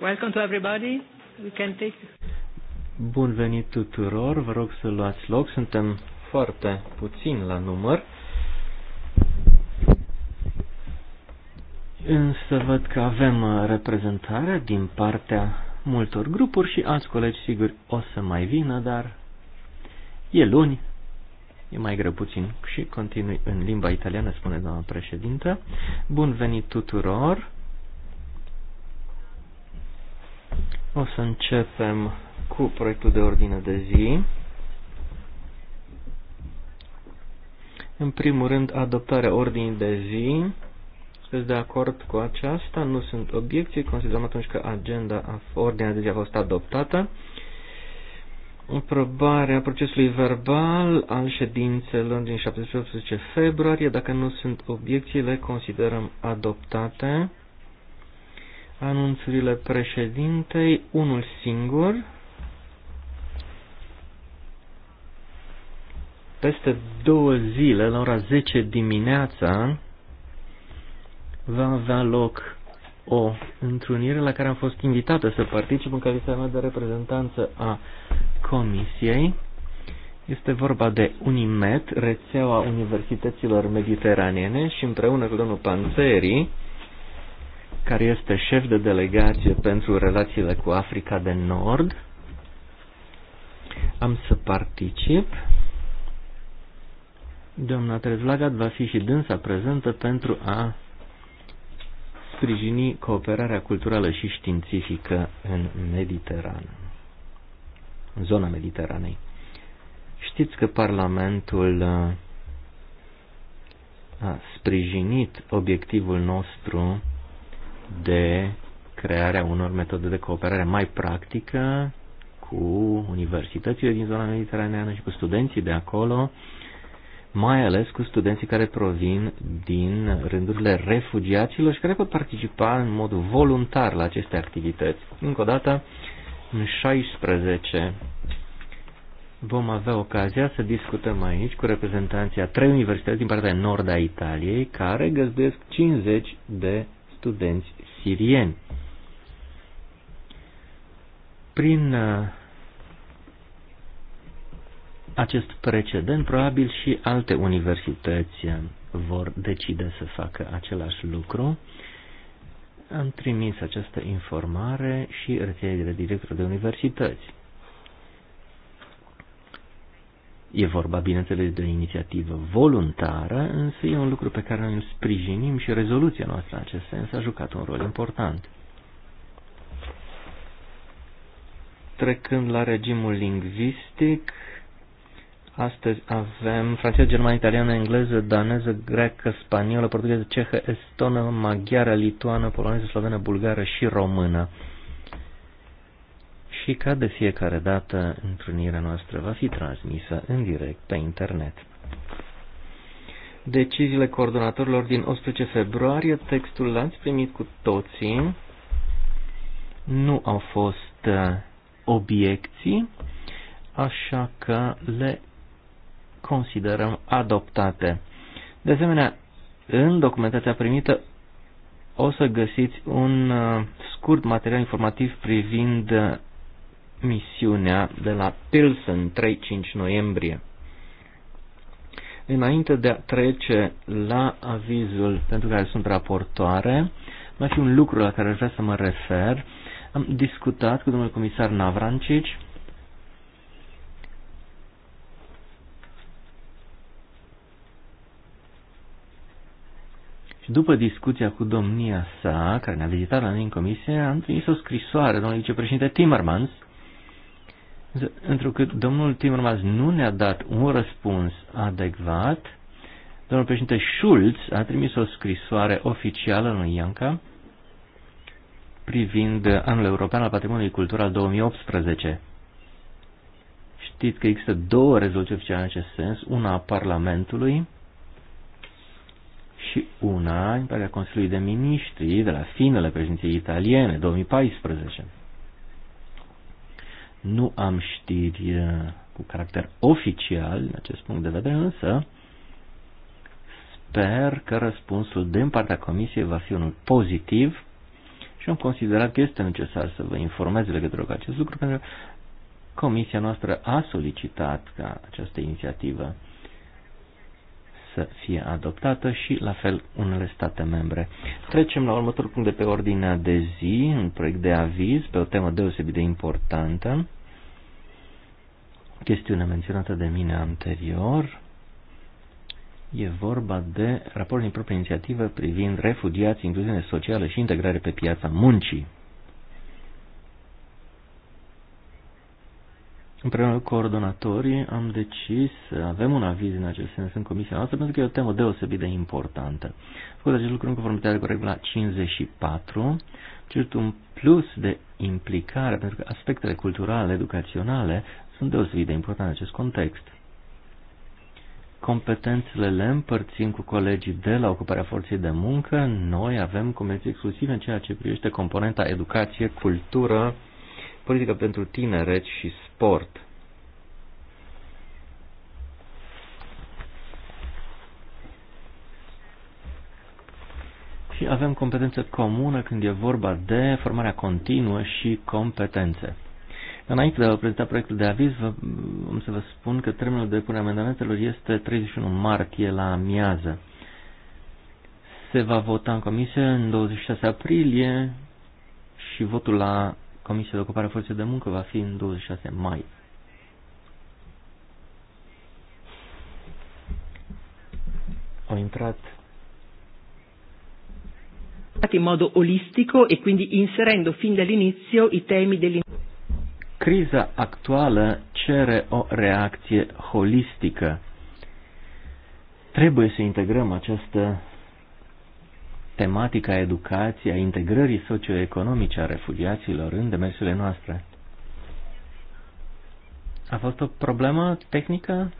Welcome to everybody. We can take... Bun venit tuturor, vă rog să luați loc, suntem foarte puțin la număr. Însă văd că avem reprezentare din partea multor grupuri și alți colegi sigur o să mai vină, dar e luni, e mai greu puțin și continui în limba italiană, spune doamna președintă. Bun venit tuturor! O să începem cu proiectul de ordine de zi. În primul rând, adoptarea ordinii de zi. Sunt de acord cu aceasta, nu sunt obiecții, considerăm atunci că agenda, ordinea de zi a fost adoptată. Aprobarea procesului verbal al ședințelor din 17 februarie, dacă nu sunt le considerăm adoptate anunțurile președintei, unul singur, peste două zile, la ora 10 dimineața, va avea loc o întrunire la care am fost invitată să particip în calitatea mea de reprezentanță a Comisiei. Este vorba de UNIMED, rețeaua Universităților Mediteraniene și împreună cu domnul Panțerii, care este șef de delegație pentru relațiile cu Africa de Nord. Am să particip. Doamna Trezlagat va fi și dânsa prezentă pentru a sprijini cooperarea culturală și științifică în Mediterană, în zona Mediteranei. Știți că Parlamentul uh, a sprijinit obiectivul nostru de crearea unor metode de cooperare mai practică cu universitățile din zona mediteraneană și cu studenții de acolo, mai ales cu studenții care provin din rândurile refugiaților și care pot participa în mod voluntar la aceste activități. Încă o dată, în 16 vom avea ocazia să discutăm aici cu reprezentanții a trei universități din partea nord a Italiei, care găzduiesc 50 de studenți sirieni. Prin uh, acest precedent, probabil și alte universități uh, vor decide să facă același lucru. Am trimis această informare și rețelei de de universități. E vorba, bineînțeles, de o inițiativă voluntară, însă e un lucru pe care noi îl sprijinim și rezoluția noastră în acest sens a jucat un rol important. Trecând la regimul lingvistic, astăzi avem franceză, germană, italiană, engleză, daneză, greacă, spaniolă, portugheză, cehă, estonă, maghiară, lituană, poloneză, slovenă, bulgară și română și ca de fiecare dată întâlnirea noastră va fi transmisă în direct pe internet. Deciziile coordonatorilor din 18 februarie, textul l-ați primit cu toții, nu au fost uh, obiecții, așa că le considerăm adoptate. De asemenea, în documentația primită o să găsiți un uh, scurt material informativ privind uh, misiunea de la Pilsen, 3-5 noiembrie. Înainte de a trece la avizul pentru care sunt raportoare, mai fi un lucru la care aș vrea să mă refer. Am discutat cu domnul comisar Navrancici Și după discuția cu domnia sa, care ne-a vizitat la noi în comisie, am trimis o scrisoare domnului vicepreședinte Timmermans, Întrucât domnul Timmermans nu ne-a dat un răspuns adecvat, domnul președinte Schulz a trimis o scrisoare oficială în Ianca privind anul european al patrimoniului cultural 2018. Știți că există două rezoluții oficiale în acest sens, una a Parlamentului și una a partea Consiliului de Ministri de la finele președinției italiene, 2014. Nu am știri uh, cu caracter oficial în acest punct de vedere, însă sper că răspunsul din partea Comisiei va fi unul pozitiv și am considerat că este necesar să vă informez legătură cu acest lucru, pentru că Comisia noastră a solicitat ca această inițiativă să fie adoptată și, la fel, unele state membre. Trecem la următorul punct de pe ordinea de zi, un proiect de aviz pe o temă deosebit de importantă chestiune menționată de mine anterior. E vorba de raport din proprie inițiativă privind refugiați, incluziune socială și integrare pe piața muncii. Împreună cu coordonatorii am decis să avem un aviz în acest sens în comisia noastră pentru că e o temă deosebit de importantă. Făcut acest lucru în conformitate cu regula 54, cert un plus de implicare pentru că aspectele culturale, educaționale sunt deosebit de importante în acest context. Competențele le împărțim cu colegii de la ocuparea forței de muncă. Noi avem competențe exclusive în ceea ce privește componenta educație, cultură, politică pentru tineret și sport. și avem competență comună când e vorba de formarea continuă și competențe. Înainte de a prezenta proiectul de aviz, vă, am să vă spun că termenul de depunere amendamentelor este 31 martie la amiază. Se va vota în comisie în 26 aprilie și votul la Comisia de Ocupare Forței de Muncă va fi în 26 mai. Au intrat in modo olistico e quindi inserendo fin dall'inizio i temi dell'inizio. Criza actuală cere o reacție holistică. Trebuie să integrăm această tematică a educației, a integrării socioeconomice a refugiaților în demersurile noastre. A fost o problemă tehnică?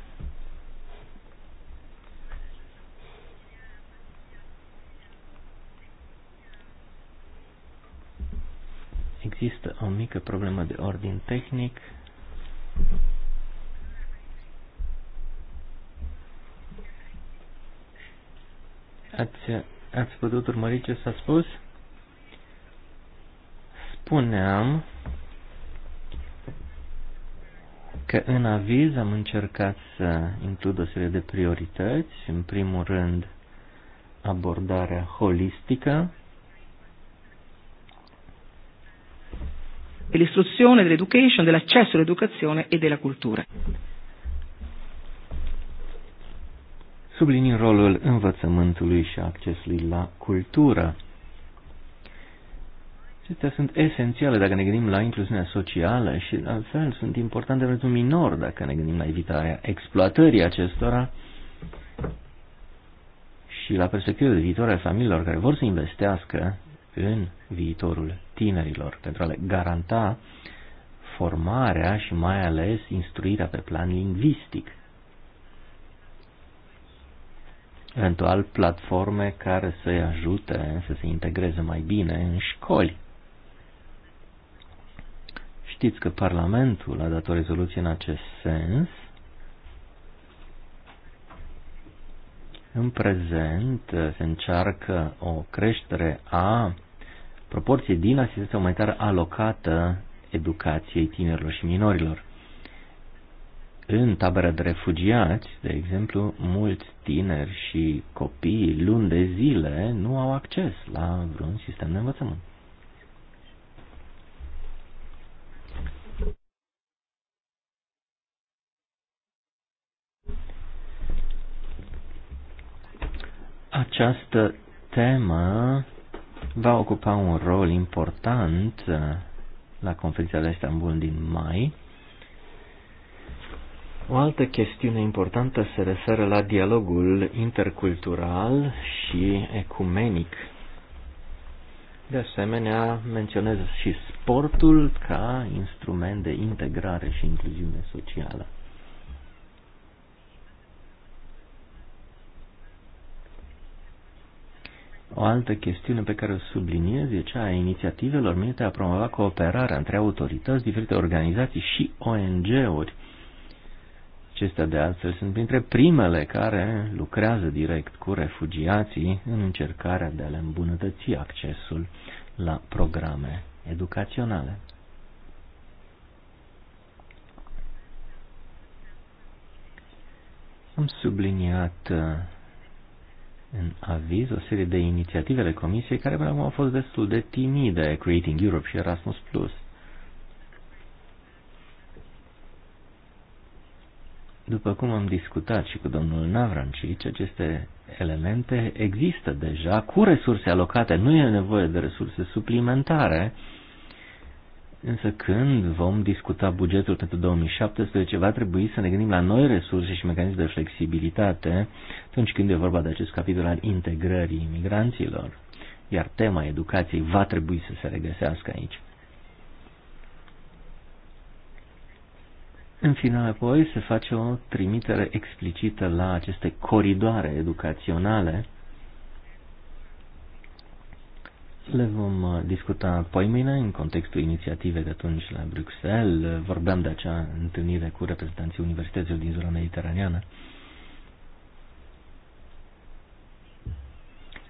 Există o mică problemă de ordin tehnic. Ați, ați putut urmări ce s-a spus? Spuneam că în aviz am încercat să includ o serie de priorități. În primul rând, abordarea holistică dell'istruzione, dell'education, dell'accesso all'educazione e della cultura. Sublinim rolul învățământului și accesului la cultură. Acestea sunt esențiale dacă ne gândim la incluziunea socială și, altfel, sunt importante pentru minor dacă ne gândim la evitarea exploatării acestora și la perspectivă de viitoare a familiilor care vor să investească în viitorul tinerilor, pentru a le garanta formarea și mai ales instruirea pe plan lingvistic. Eventual platforme care să-i ajute să se integreze mai bine în școli. Știți că Parlamentul a dat o rezoluție în acest sens În prezent se încearcă o creștere a proporție din asistența umanitară alocată educației tinerilor și minorilor. În tabără de refugiați, de exemplu, mulți tineri și copii luni de zile nu au acces la vreun sistem de învățământ. Această temă va ocupa un rol important uh, la conferința de Istanbul din mai. O altă chestiune importantă se referă la dialogul intercultural și ecumenic. De asemenea, menționez și sportul ca instrument de integrare și incluziune socială. O altă chestiune pe care o subliniez e cea a inițiativelor minte a promova cooperarea între autorități, diferite organizații și ONG-uri. Acestea de altfel sunt printre primele care lucrează direct cu refugiații în încercarea de a le îmbunătăți accesul la programe educaționale. Am subliniat uh, în aviz o serie de inițiative ale Comisiei care până acum au fost destul de timide, Creating Europe și Erasmus+. După cum am discutat și cu domnul Navrancic, aceste elemente există deja cu resurse alocate, nu e nevoie de resurse suplimentare, uh, Însă când vom discuta bugetul pentru 2017, va trebui să ne gândim la noi resurse și mecanisme de flexibilitate atunci când e vorba de acest capitol al integrării imigranților. Iar tema educației va trebui să se regăsească aici. În final, apoi, se face o trimitere explicită la aceste coridoare educaționale Le vom uh, discuta poi mâine în contextul inițiativei de atunci la Bruxelles. Vorbeam de acea întâlnire cu reprezentanții universităților din zona mediteraneană.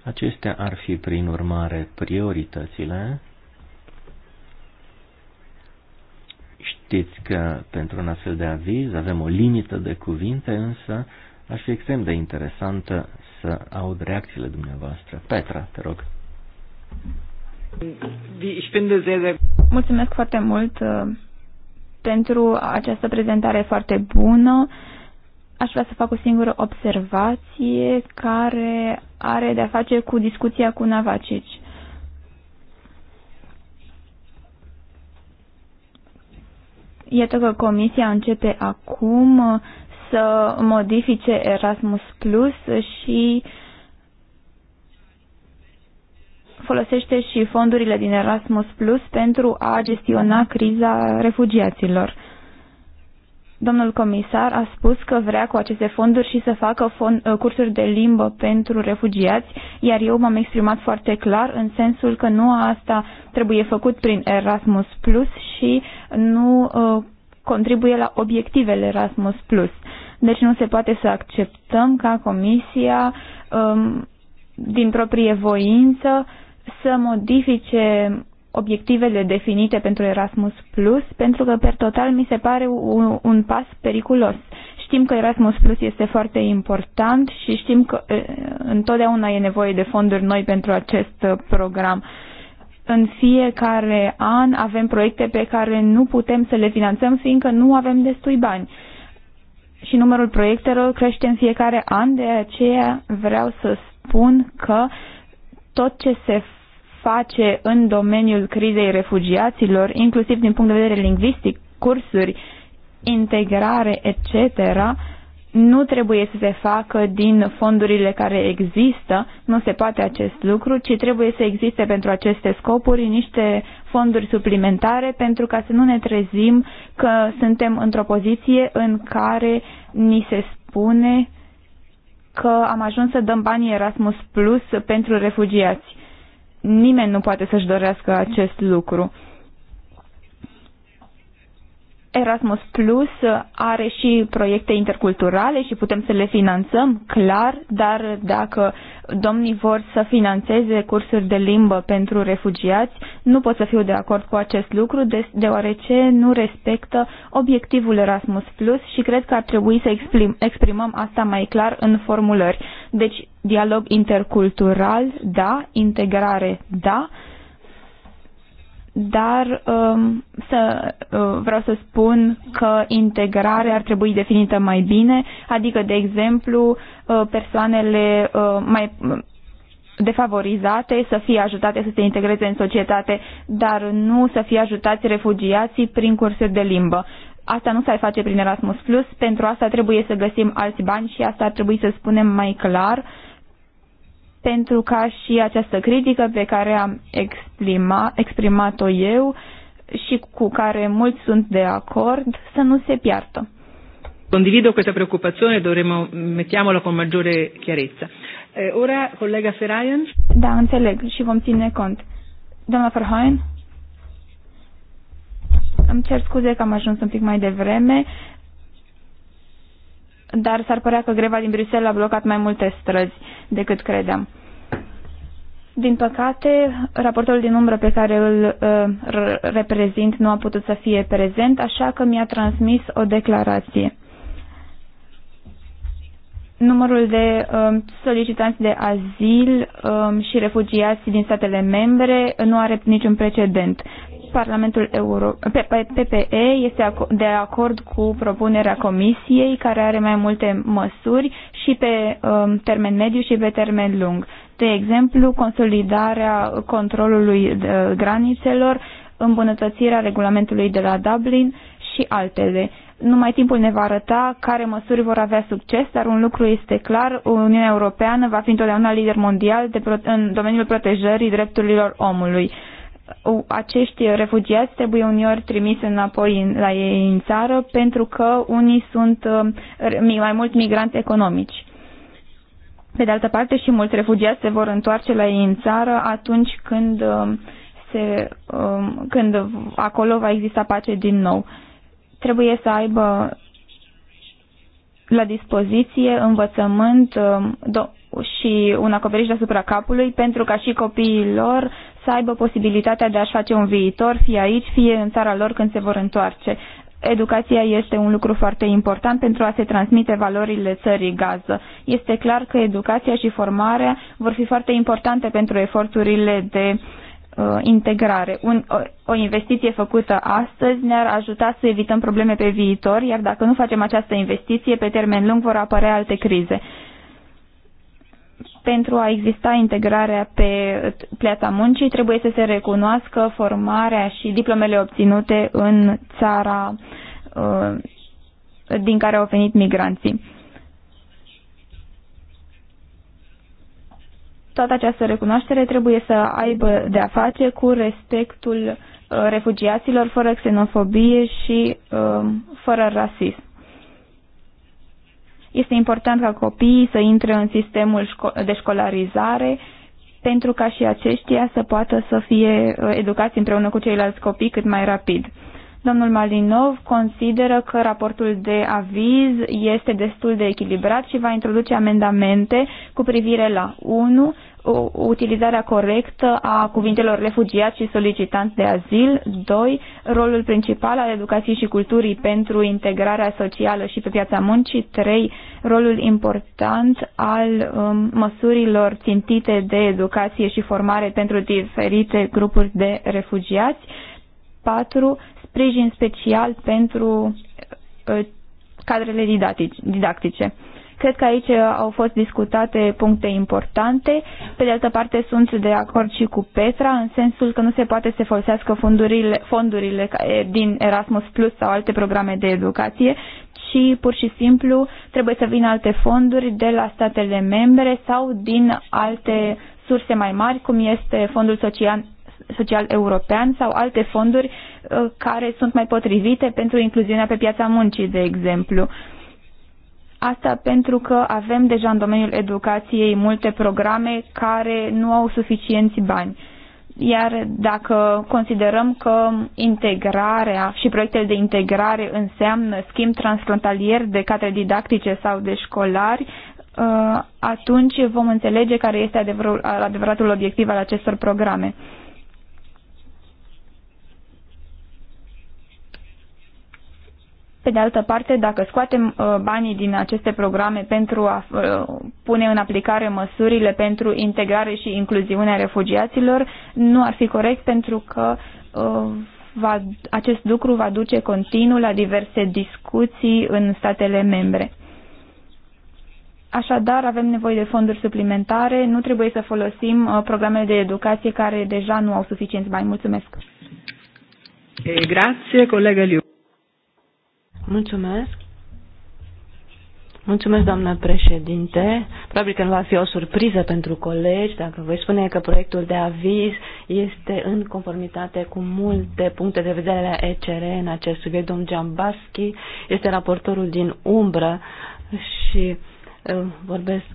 Acestea ar fi, prin urmare, prioritățile. Știți că pentru un astfel de aviz avem o limită de cuvinte, însă aș fi extrem de interesantă să aud reacțiile dumneavoastră. Petra, te rog. Mulțumesc foarte mult uh, pentru această prezentare foarte bună. Aș vrea să fac o singură observație care are de-a face cu discuția cu Navacici. Iată că comisia începe acum să modifice Erasmus Plus și uh, folosește și fondurile din Erasmus Plus pentru a gestiona criza refugiaților. Domnul comisar a spus că vrea cu aceste fonduri și să facă fond, uh, cursuri de limbă pentru refugiați, iar eu m-am exprimat foarte clar în sensul că nu asta trebuie făcut prin Erasmus Plus și nu uh, contribuie la obiectivele Erasmus Plus. Deci nu se poate să acceptăm ca Comisia um, din proprie voință să modifice obiectivele definite pentru Erasmus Plus, pentru că, per total, mi se pare un, un pas periculos. Știm că Erasmus Plus este foarte important și știm că e, întotdeauna e nevoie de fonduri noi pentru acest program. În fiecare an avem proiecte pe care nu putem să le finanțăm, fiindcă nu avem destui bani și numărul proiectelor crește în fiecare an, de aceea vreau să spun că tot ce se face în domeniul crizei refugiaților, inclusiv din punct de vedere lingvistic, cursuri, integrare, etc., nu trebuie să se facă din fondurile care există, nu se poate acest lucru, ci trebuie să existe pentru aceste scopuri niște fonduri suplimentare pentru ca să nu ne trezim că suntem într-o poziție în care ni se spune că am ajuns să dăm banii Erasmus Plus pentru refugiați. Nimeni nu poate să-și dorească acest lucru. Erasmus Plus are și proiecte interculturale și putem să le finanțăm, clar, dar dacă domnii vor să financeze cursuri de limbă pentru refugiați, nu pot să fiu de acord cu acest lucru, deoarece nu respectă obiectivul Erasmus Plus și cred că ar trebui să exprim, exprimăm asta mai clar în formulări. Deci, dialog intercultural, da, integrare, da, dar um, să, uh, vreau să spun că integrarea ar trebui definită mai bine, adică, de exemplu, uh, persoanele uh, mai defavorizate să fie ajutate să se integreze în societate, dar nu să fie ajutați refugiații prin cursuri de limbă. Asta nu s-ar face prin Erasmus Plus, pentru asta trebuie să găsim alți bani și asta ar trebui să spunem mai clar uh, pentru ca și această critică pe care am exprima, exprimat-o eu și cu care mulți sunt de acord să nu se piartă. Condivido questa preoccupazione, dovremmo mettiamola con maggiore chiarezza. Eh, ora, collega Ferraien. Da, înțeleg și vom ține cont. Doamna Ferhaien? Îmi cer scuze că am ajuns un pic mai devreme dar s-ar părea că greva din Bruxelles a blocat mai multe străzi decât credeam. Din păcate, raportorul din umbră pe care îl uh, reprezint nu a putut să fie prezent, așa că mi-a transmis o declarație. Numărul de uh, solicitanți de azil uh, și refugiați din statele membre nu are niciun precedent. Parlamentul Euro... PPE este de acord cu propunerea Comisiei, care are mai multe măsuri și pe um, termen mediu și pe termen lung. De exemplu, consolidarea controlului uh, granițelor, îmbunătățirea regulamentului de la Dublin și altele. Numai timpul ne va arăta care măsuri vor avea succes, dar un lucru este clar, Uniunea Europeană va fi întotdeauna lider mondial de pro- în domeniul protejării drepturilor omului acești refugiați trebuie uneori trimiși înapoi la ei în țară pentru că unii sunt um, mai mult migranți economici. Pe de altă parte și mulți refugiați se vor întoarce la ei în țară atunci când, um, se, um, când acolo va exista pace din nou. Trebuie să aibă la dispoziție învățământ și un acoperiș deasupra capului pentru ca și copiii lor să aibă posibilitatea de a-și face un viitor, fie aici, fie în țara lor când se vor întoarce. Educația este un lucru foarte important pentru a se transmite valorile țării gază. Este clar că educația și formarea vor fi foarte importante pentru eforturile de uh, integrare. Un, o, o investiție făcută astăzi ne-ar ajuta să evităm probleme pe viitor, iar dacă nu facem această investiție, pe termen lung vor apărea alte crize pentru a exista integrarea pe piața muncii, trebuie să se recunoască formarea și diplomele obținute în țara uh, din care au venit migranții. Toată această recunoaștere trebuie să aibă de a face cu respectul uh, refugiaților fără xenofobie și uh, fără rasism. Este important ca copiii să intre în sistemul de școlarizare pentru ca și aceștia să poată să fie uh, educați împreună cu ceilalți copii cât mai rapid. Domnul Malinov consideră că raportul de aviz este destul de echilibrat și va introduce amendamente cu privire la 1, utilizarea corectă a cuvintelor refugiat și solicitant de azil. 2. Rolul principal al educației și culturii pentru integrarea socială și pe piața muncii. 3. Rolul important al um, măsurilor țintite de educație și formare pentru diferite grupuri de refugiați. 4. Sprijin special pentru uh, cadrele didactice. Cred că aici au fost discutate puncte importante. Pe de altă parte, sunt de acord și cu Petra, în sensul că nu se poate să folosească fondurile, fondurile din Erasmus Plus sau alte programe de educație, și pur și simplu trebuie să vină alte fonduri de la statele membre sau din alte surse mai mari, cum este Fondul Social, Social European sau alte fonduri uh, care sunt mai potrivite pentru incluziunea pe piața muncii, de exemplu. Asta pentru că avem deja în domeniul educației multe programe care nu au suficienți bani. Iar dacă considerăm că integrarea și proiectele de integrare înseamnă schimb transfrontalier de cadre didactice sau de școlari, uh, atunci vom înțelege care este adevărul, adevăratul obiectiv al acestor programe. Pe de altă parte, dacă scoatem uh, banii din aceste programe pentru a uh, pune în aplicare măsurile pentru integrare și incluziunea refugiaților, nu ar fi corect pentru că uh, va, acest lucru va duce continuu la diverse discuții în statele membre. Așadar, avem nevoie de fonduri suplimentare, nu trebuie să folosim programele de educație care deja nu au suficienți bani. Mulțumesc! Eh, grazie, colegă Liu. Mulțumesc. Mulțumesc, doamnă președinte. Probabil că nu va fi o surpriză pentru colegi dacă voi spune că proiectul de aviz este în conformitate cu multe puncte de vedere la ECR în acest subiect. Domnul Giambaschi este raportorul din umbră și uh, vorbesc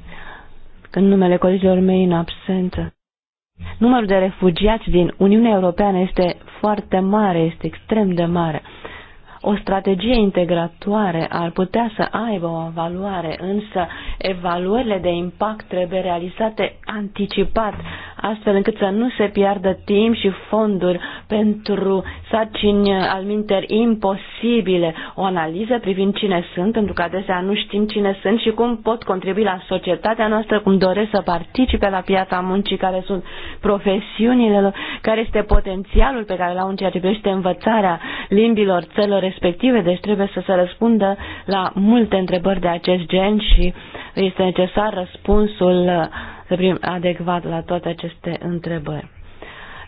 în numele colegilor mei în absență. Numărul de refugiați din Uniunea Europeană este foarte mare, este extrem de mare. Uh, o strategie integratoare ar putea să aibă o evaluare, însă evaluările de impact trebuie realizate anticipat astfel încât să nu se piardă timp și fonduri pentru sarcini alminteri imposibile. O analiză privind cine sunt, pentru că adesea nu știm cine sunt și cum pot contribui la societatea noastră, cum doresc să participe la piața muncii, care sunt profesiunile lor, care este potențialul pe care l-au în ceea ce privește învățarea limbilor țelor respective, deci trebuie să se răspundă la multe întrebări de acest gen și este necesar răspunsul uh, adecvat la toate aceste întrebări.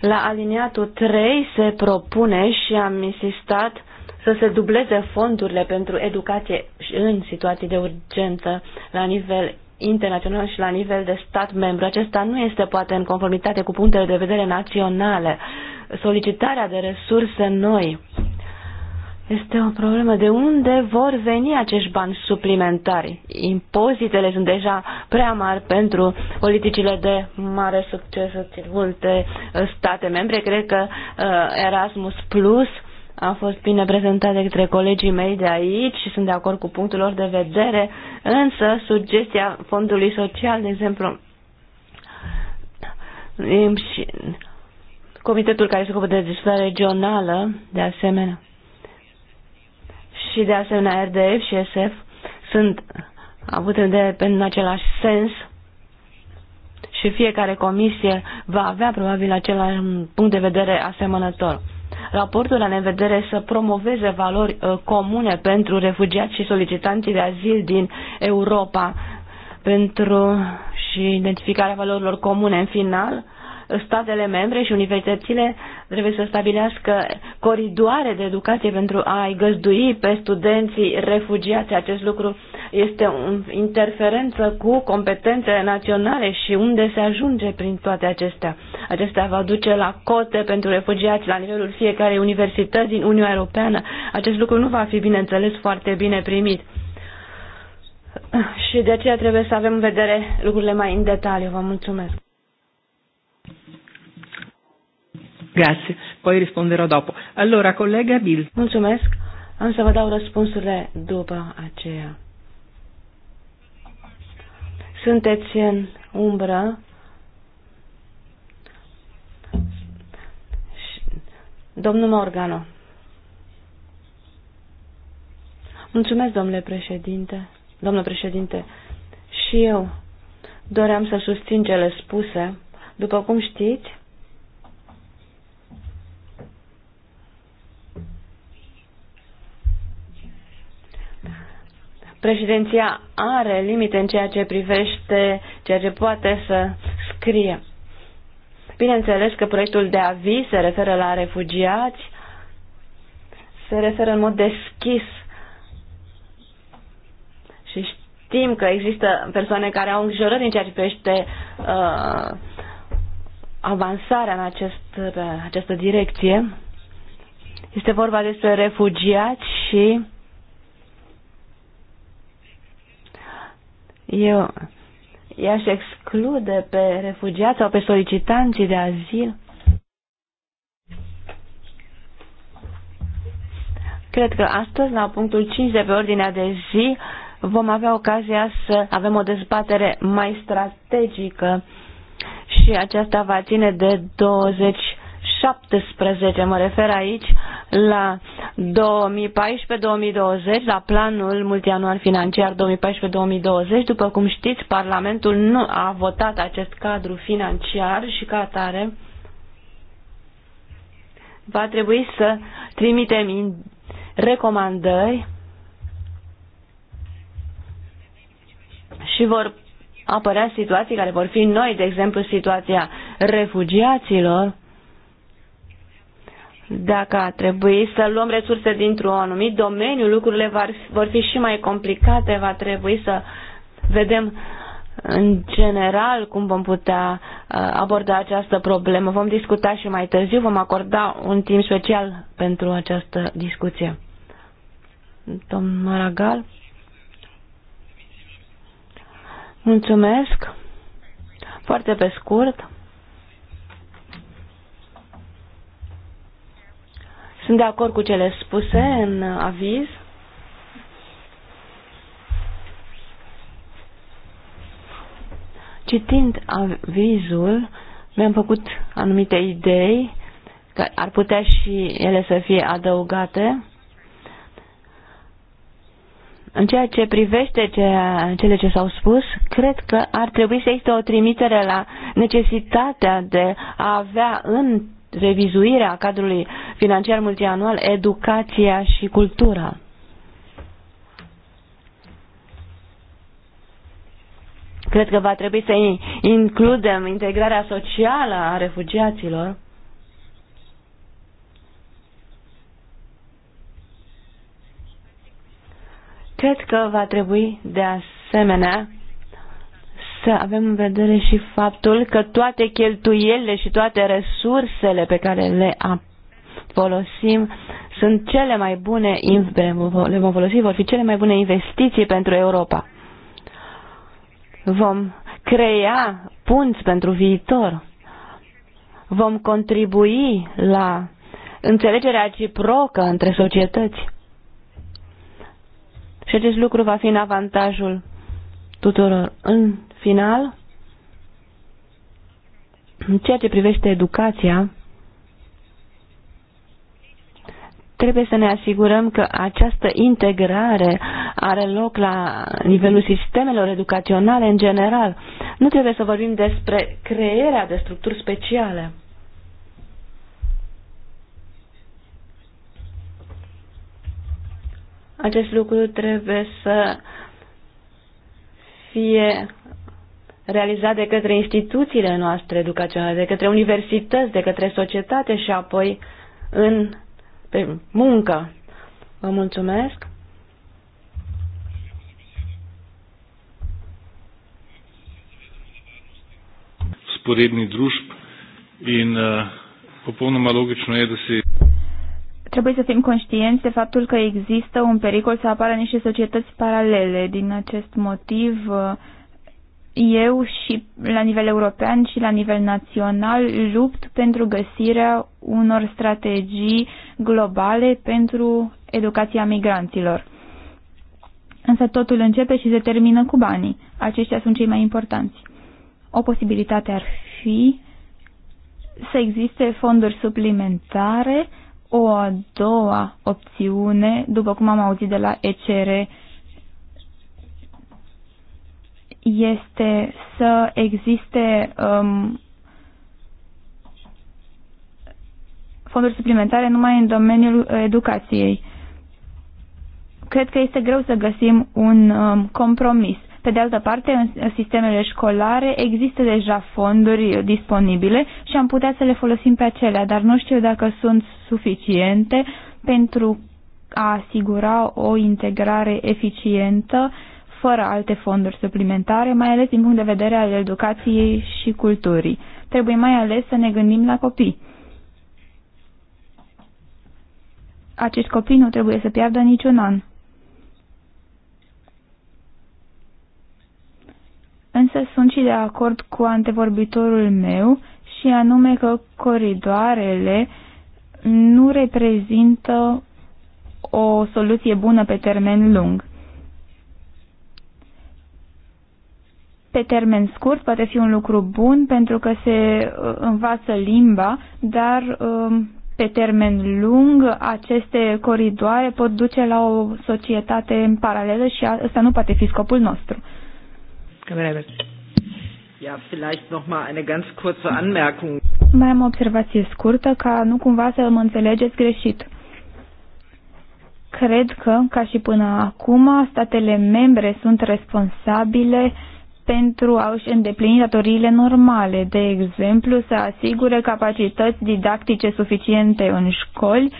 La aliniatul 3 se propune și am insistat să se dubleze fondurile pentru educație în situații de urgență la nivel internațional și la nivel de stat membru. Acesta nu este poate în conformitate cu punctele de vedere naționale. Solicitarea de resurse noi este o problemă de unde vor veni acești bani suplimentari. Impozitele sunt deja prea mari pentru politicile de mare succes în multe uh, state membre. Cred că uh, Erasmus Plus a fost bine prezentat de către colegii mei de aici și sunt de acord cu punctul lor de vedere, însă sugestia fondului social, de exemplu, și comitetul care se ocupă de dezvoltare regională, de asemenea, și de asemenea RDF și SF sunt avute în vedere în același sens și fiecare comisie va avea probabil același punct de vedere asemănător. Raportul are în vedere să promoveze valori uh, comune pentru refugiați și solicitanții de azil din Europa pentru și identificarea valorilor comune în final statele membre și universitățile trebuie să stabilească coridoare de educație pentru a-i găzdui pe studenții refugiați. Acest lucru este o interferență cu competențele naționale și unde se ajunge prin toate acestea. Acestea va duce la cote pentru refugiați la nivelul fiecarei universități din Uniunea Europeană. Acest lucru nu va fi, bineînțeles, foarte bine primit. Și de aceea trebuie să avem în vedere lucrurile mai în detaliu. Vă mulțumesc. Grazie, poi risponderò dopo. Allora, collega Bill. Mulțumesc, am să vă dau răspunsurile după aceea. Sunteți în umbră Domnul Morgano. Mulțumesc, domnule președinte. Domnule președinte, și eu doream să susțin cele spuse. După cum știți, președinția are limite în ceea ce privește ceea ce poate să scrie. Bineînțeles că proiectul de aviz se referă la refugiați, se referă în mod deschis și știm că există persoane care au îngrijorări în ceea ce privește uh, avansarea în acest, pe această direcție. Este vorba despre refugiați și Eu i-aș exclude pe refugiați sau pe solicitanții de azil? Cred că astăzi, la punctul 5 de pe ordinea de zi, vom avea ocazia să avem o dezbatere mai strategică și aceasta va ține de 20 2017. Mă refer aici la 2014-2020, la planul multianual financiar 2014-2020. După cum știți, Parlamentul nu a votat acest cadru financiar și ca atare va trebui să trimitem recomandări și vor apărea situații care vor fi noi, de exemplu situația refugiaților, dacă a trebui să luăm resurse dintr-un anumit domeniu, lucrurile vor fi și mai complicate, va trebui să vedem în general cum vom putea uh, aborda această problemă. Vom discuta și mai târziu, vom acorda un timp special pentru această discuție. Domnul Maragal? Mulțumesc. Foarte pe scurt. Sunt de acord cu cele spuse în aviz. Citind avizul, mi-am făcut anumite idei că ar putea și ele să fie adăugate. În ceea ce privește ceea, cele ce s-au spus, cred că ar trebui să existe o trimitere la necesitatea de a avea în revizuirea cadrului financiar multianual, educația și cultura. Cred că va trebui să includem integrarea socială a refugiaților. Cred că va trebui de asemenea să avem în vedere și faptul că toate cheltuielile și toate resursele pe care le folosim sunt cele mai bune, le vom folosi, vor fi cele mai bune investiții pentru Europa. Vom crea punți pentru viitor. Vom contribui la înțelegerea reciprocă între societăți. Și acest lucru va fi în avantajul tuturor. În final, în ceea ce privește educația, trebuie să ne asigurăm că această integrare are loc la nivelul sistemelor educaționale în general. Nu trebuie să vorbim despre crearea de structuri speciale. Acest lucru trebuie să fie realizat de către instituțiile noastre educaționale, de către universități, de către societate și apoi în pe muncă. Vă mulțumesc! Sporedni družb in uh, popolnoma logično je, da se trebuie să fim conștienți de faptul că există un pericol să apară niște societăți paralele. Din acest motiv, eh, eu și la nivel european și la nivel național lupt pentru găsirea unor strategii globale pentru educația migranților. Însă totul începe și se termină cu banii. Aceștia sunt cei mai importanți. O posibilitate ar fi să existe fonduri suplimentare, o a doua opțiune, după cum am auzit de la ECR este să existe um, fonduri suplimentare numai în domeniul educației. Cred că este greu să găsim un um, compromis. Pe de altă parte, în sistemele școlare există deja fonduri disponibile și am putea să le folosim pe acelea, dar nu știu dacă sunt suficiente pentru a asigura o integrare eficientă uh, fără alte fonduri suplimentare, mai ales din punct de vedere al educației și culturii. Trebuie mai ales să ne gândim la copii. Acești copii nu trebuie să piardă niciun an. Însă sunt și de acord cu antevorbitorul meu și anume că coridoarele nu reprezintă o soluție bună pe termen lung. Pe termen scurt poate fi un lucru bun pentru că se uh, învață limba, dar um, pe termen lung aceste coridoare pot duce la o societate în paralelă și asta nu poate fi scopul nostru. Ja, vielleicht noch mal eine ganz kurze Anmerkung. Mai am o observație scurtă ca nu cumva să mă înțelegeți greșit. Cred că, ca și până acum, statele membre sunt responsabile uh, pentru a-și îndeplini datoriile normale, de exemplu să asigure capacități didactice suficiente în școli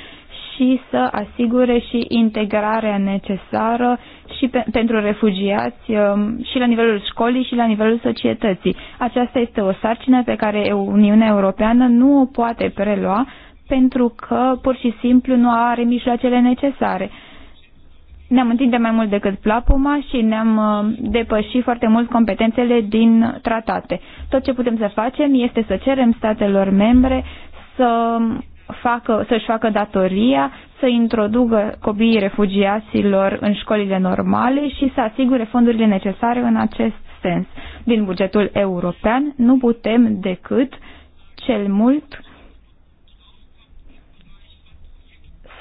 și să asigure și integrarea necesară și pe, pentru refugiați um, și la nivelul școlii și la nivelul societății. Aceasta este o sarcină pe care Uniunea Europeană nu o poate prelua pentru că pur și simplu nu are mijloacele necesare ne-am întins de mai mult decât plapuma și ne-am uh, depășit foarte mult competențele din tratate. Tot ce putem să facem este să cerem statelor membre să facă, să-și facă datoria, să introducă copiii refugiaților în școlile normale și să asigure fondurile necesare în acest sens. Din bugetul european nu putem decât cel mult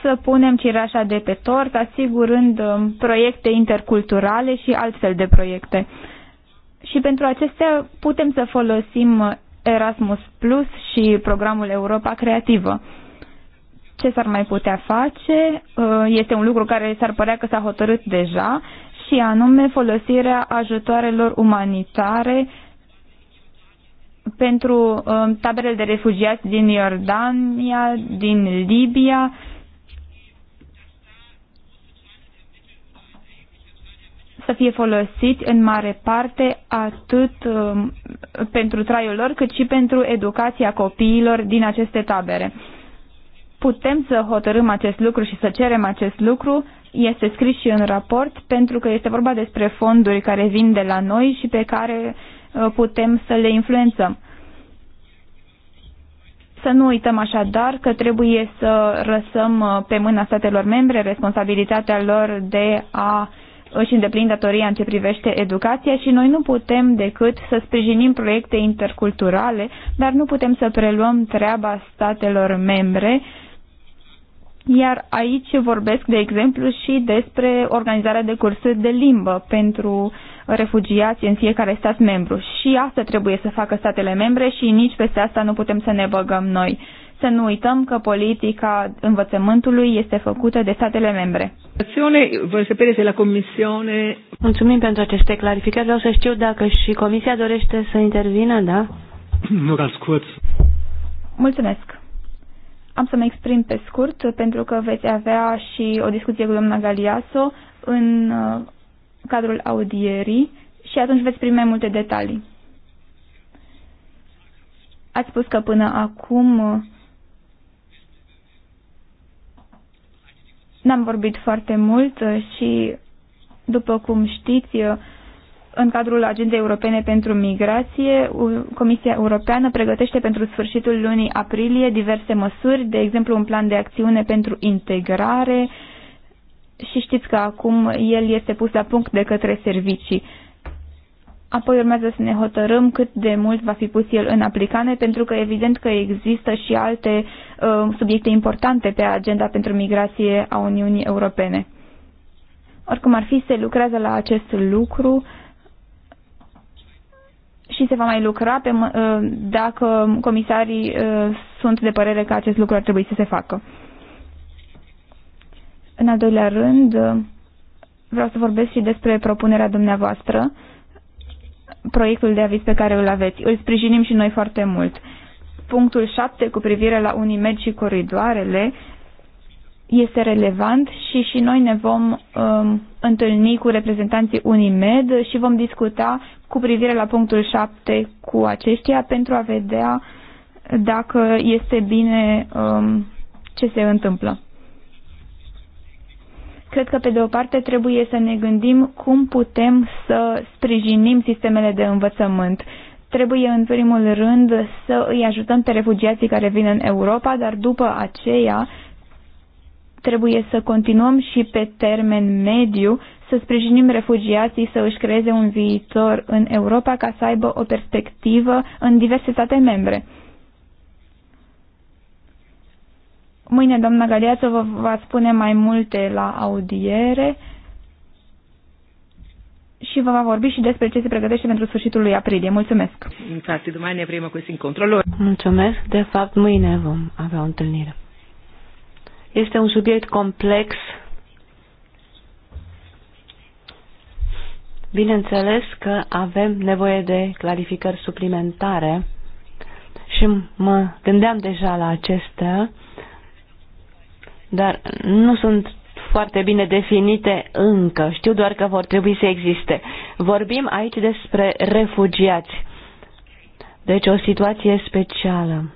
să punem cireașa de pe tort, asigurând um, proiecte interculturale și altfel de proiecte. Și pentru acestea putem să folosim uh, Erasmus Plus și programul Europa Creativă. Ce s-ar mai putea face? Uh, este un lucru care s-ar părea că s-a hotărât deja și anume folosirea ajutoarelor umanitare pentru um, taberele de refugiați din Iordania, din Libia să fie folosit în mare parte atât um, pentru traiul lor, cât și pentru educația copiilor din aceste tabere. Putem să hotărâm acest lucru și să cerem acest lucru, este scris și în raport, pentru că este vorba despre fonduri care vin de la noi și pe care uh, putem să le influențăm. Să nu uităm așadar că trebuie să răsăm uh, pe mâna statelor membre responsabilitatea lor de a uh, își îndeplin datoria în ce privește educația și noi nu putem decât să sprijinim proiecte interculturale, dar nu putem să preluăm treaba statelor membre. Iar aici vorbesc, de exemplu, și despre organizarea de cursuri de limbă pentru refugiați în fiecare stat membru. Și asta trebuie să facă statele membre și nici peste asta nu putem să ne băgăm noi. Să nu uităm că politica învățământului este făcută de statele membre. la Mulțumim pentru aceste clarificări. Vreau să știu dacă și Comisia dorește să intervină, da? Nu, ganz scurt. Mulțumesc. Am să mă exprim pe scurt, pentru că veți avea și o discuție cu doamna Galiaso în uh, cadrul audierii și atunci veți primi mai multe detalii. Ați spus că până acum uh, N-am vorbit foarte mult uh, și, după cum știți, uh, în cadrul Agendei Europene pentru Migrație, Comisia Europeană pregătește pentru sfârșitul lunii aprilie diverse măsuri, de exemplu un plan de acțiune pentru integrare și știți că acum el este pus la punct de către servicii. Apoi urmează să ne hotărâm cât de mult va fi pus el în aplicare, pentru că evident că există și alte Uh, subiecte importante pe agenda pentru migrație a Uniunii Europene. Oricum ar fi, se lucrează la acest lucru și se va mai lucra pe, uh, dacă comisarii uh, sunt de părere că acest lucru ar trebui să se facă. În al doilea rând, vreau să vorbesc și despre propunerea dumneavoastră, proiectul de aviz pe care îl aveți. Îl sprijinim și noi foarte mult punctul 7 cu privire la Unimed și coridoarele este relevant și și noi ne vom um, întâlni cu reprezentanții Unimed și vom discuta cu privire la punctul 7 cu aceștia pentru a vedea dacă este bine um, ce se întâmplă. Cred că, pe de o parte, trebuie să ne gândim cum putem să sprijinim sistemele de învățământ. Uh, Trebuie în primul rând să îi ajutăm pe refugiații care vin în Europa, dar după aceea trebuie să continuăm și pe termen mediu să sprijinim refugiații să își creeze un viitor în Europa ca să aibă o perspectivă în diverse state membre. Mâine doamna Galeață vă va spune mai multe la audiere și vă va vorbi și despre ce se pregătește pentru sfârșitul lui aprilie. Mulțumesc! Infatti, domani ne primă cu controlul. Mulțumesc! De fapt, mâine vom avea o întâlnire. Este un subiect complex. Bineînțeles că avem nevoie de clarificări suplimentare și mă gândeam deja la acestea, dar nu sunt foarte bine definite încă, știu doar că vor trebui să existe. Vorbim aici despre refugiați, deci o situație specială.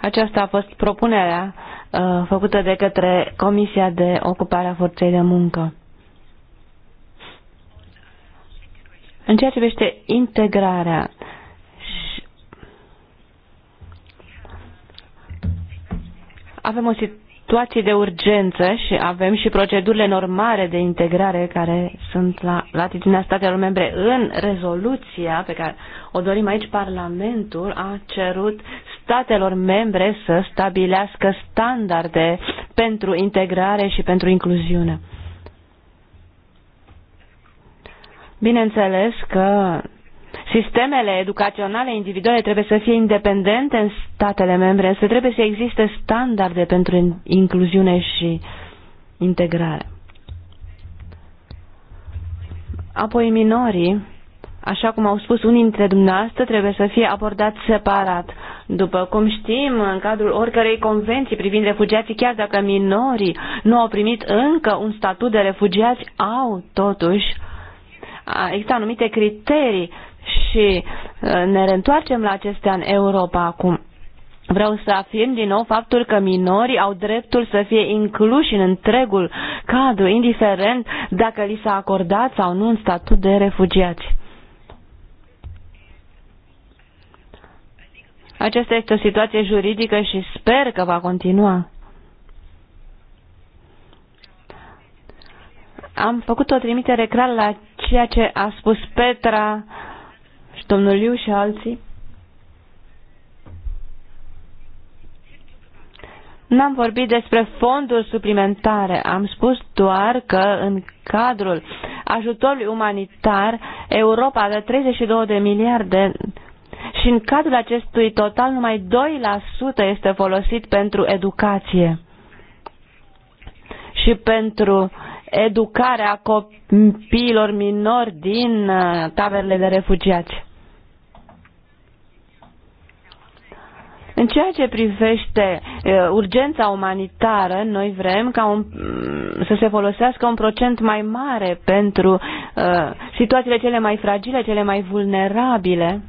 Aceasta a fost propunerea uh, făcută de către Comisia de Ocupare a Forței de Muncă. În ceea ce privește integrarea, avem o, situații de urgență și avem și procedurile normale de integrare care sunt la latitudinea statelor membre. În rezoluția pe care o dorim aici, Parlamentul a cerut statelor membre să stabilească standarde pentru integrare și pentru incluziune. Bineînțeles că Sistemele educaționale individuale trebuie să fie independente în statele membre, însă trebuie să existe standarde pentru incluziune și integrare. Apoi minorii, așa cum au spus unii dintre dumneavoastră, trebuie să fie abordat separat. După cum știm, în cadrul oricărei convenții privind refugiații, chiar dacă minorii nu au primit încă un statut de refugiați, au totuși există anumite criterii și uh, ne reîntoarcem la acestea în Europa acum. Vreau să afirm din nou faptul că minorii au dreptul să fie incluși în întregul cadru, indiferent dacă li s-a acordat sau nu un statut de refugiați. Aceasta este o situație juridică și sper că va continua. Am făcut o trimitere clar la ceea ce a spus Petra domnul Liu și alții. N-am vorbit despre fonduri suplimentare, am spus doar că în cadrul ajutorului umanitar Europa de 32 de miliarde și în cadrul acestui total numai 2% este folosit pentru educație și pentru educarea copiilor minori din uh, taberele de refugiați. În ceea ce privește uh, urgența umanitară, noi vrem ca un, mm, să se folosească un procent mai mare pentru uh, situațiile cele mai fragile, cele mai vulnerabile.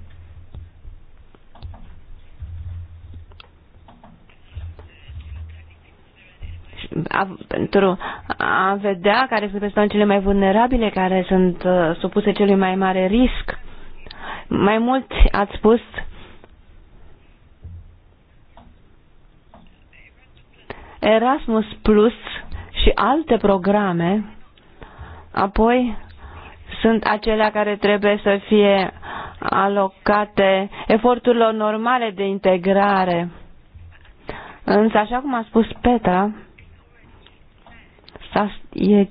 a, pentru a vedea care sunt persoanele cele mai vulnerabile, care sunt uh, supuse celui mai mare risc. Mai mult ați spus Erasmus Plus și alte programe, apoi sunt acelea care trebuie să fie alocate eforturilor normale de integrare. Însă, așa cum a spus Petra, s-a, e,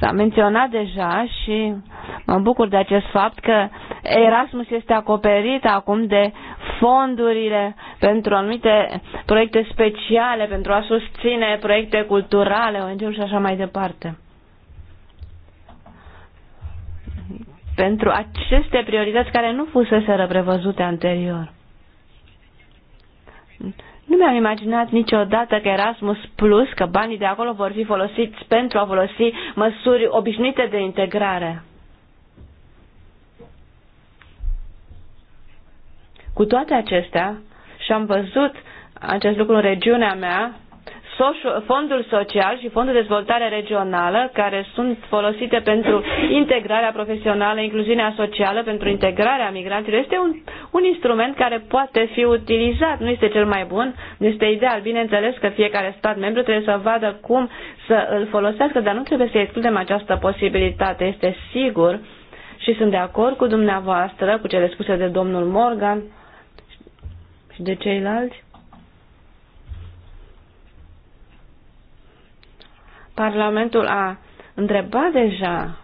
s-a menționat deja și mă bucur de acest fapt că Erasmus este acoperit acum de fondurile pentru anumite proiecte speciale, pentru a susține proiecte culturale, ong și așa mai departe. Pentru aceste priorități care nu fusese prevăzute anterior. Nu mi-am imaginat niciodată că Erasmus Plus, că banii de acolo vor fi folosiți pentru a folosi măsuri obișnuite de integrare. Cu toate acestea, și am văzut acest lucru în regiunea mea, fondul social și fondul de dezvoltare regională, care sunt folosite pentru integrarea profesională, incluziunea socială, pentru integrarea migranților, este un, un instrument care poate fi utilizat. Nu este cel mai bun, nu este ideal. Bineînțeles că fiecare stat membru trebuie să vadă cum să îl folosească, dar nu trebuie să excludem această posibilitate. Este sigur și sunt de acord cu dumneavoastră, cu cele spuse de domnul Morgan, și de ceilalți? Parlamentul a întrebat deja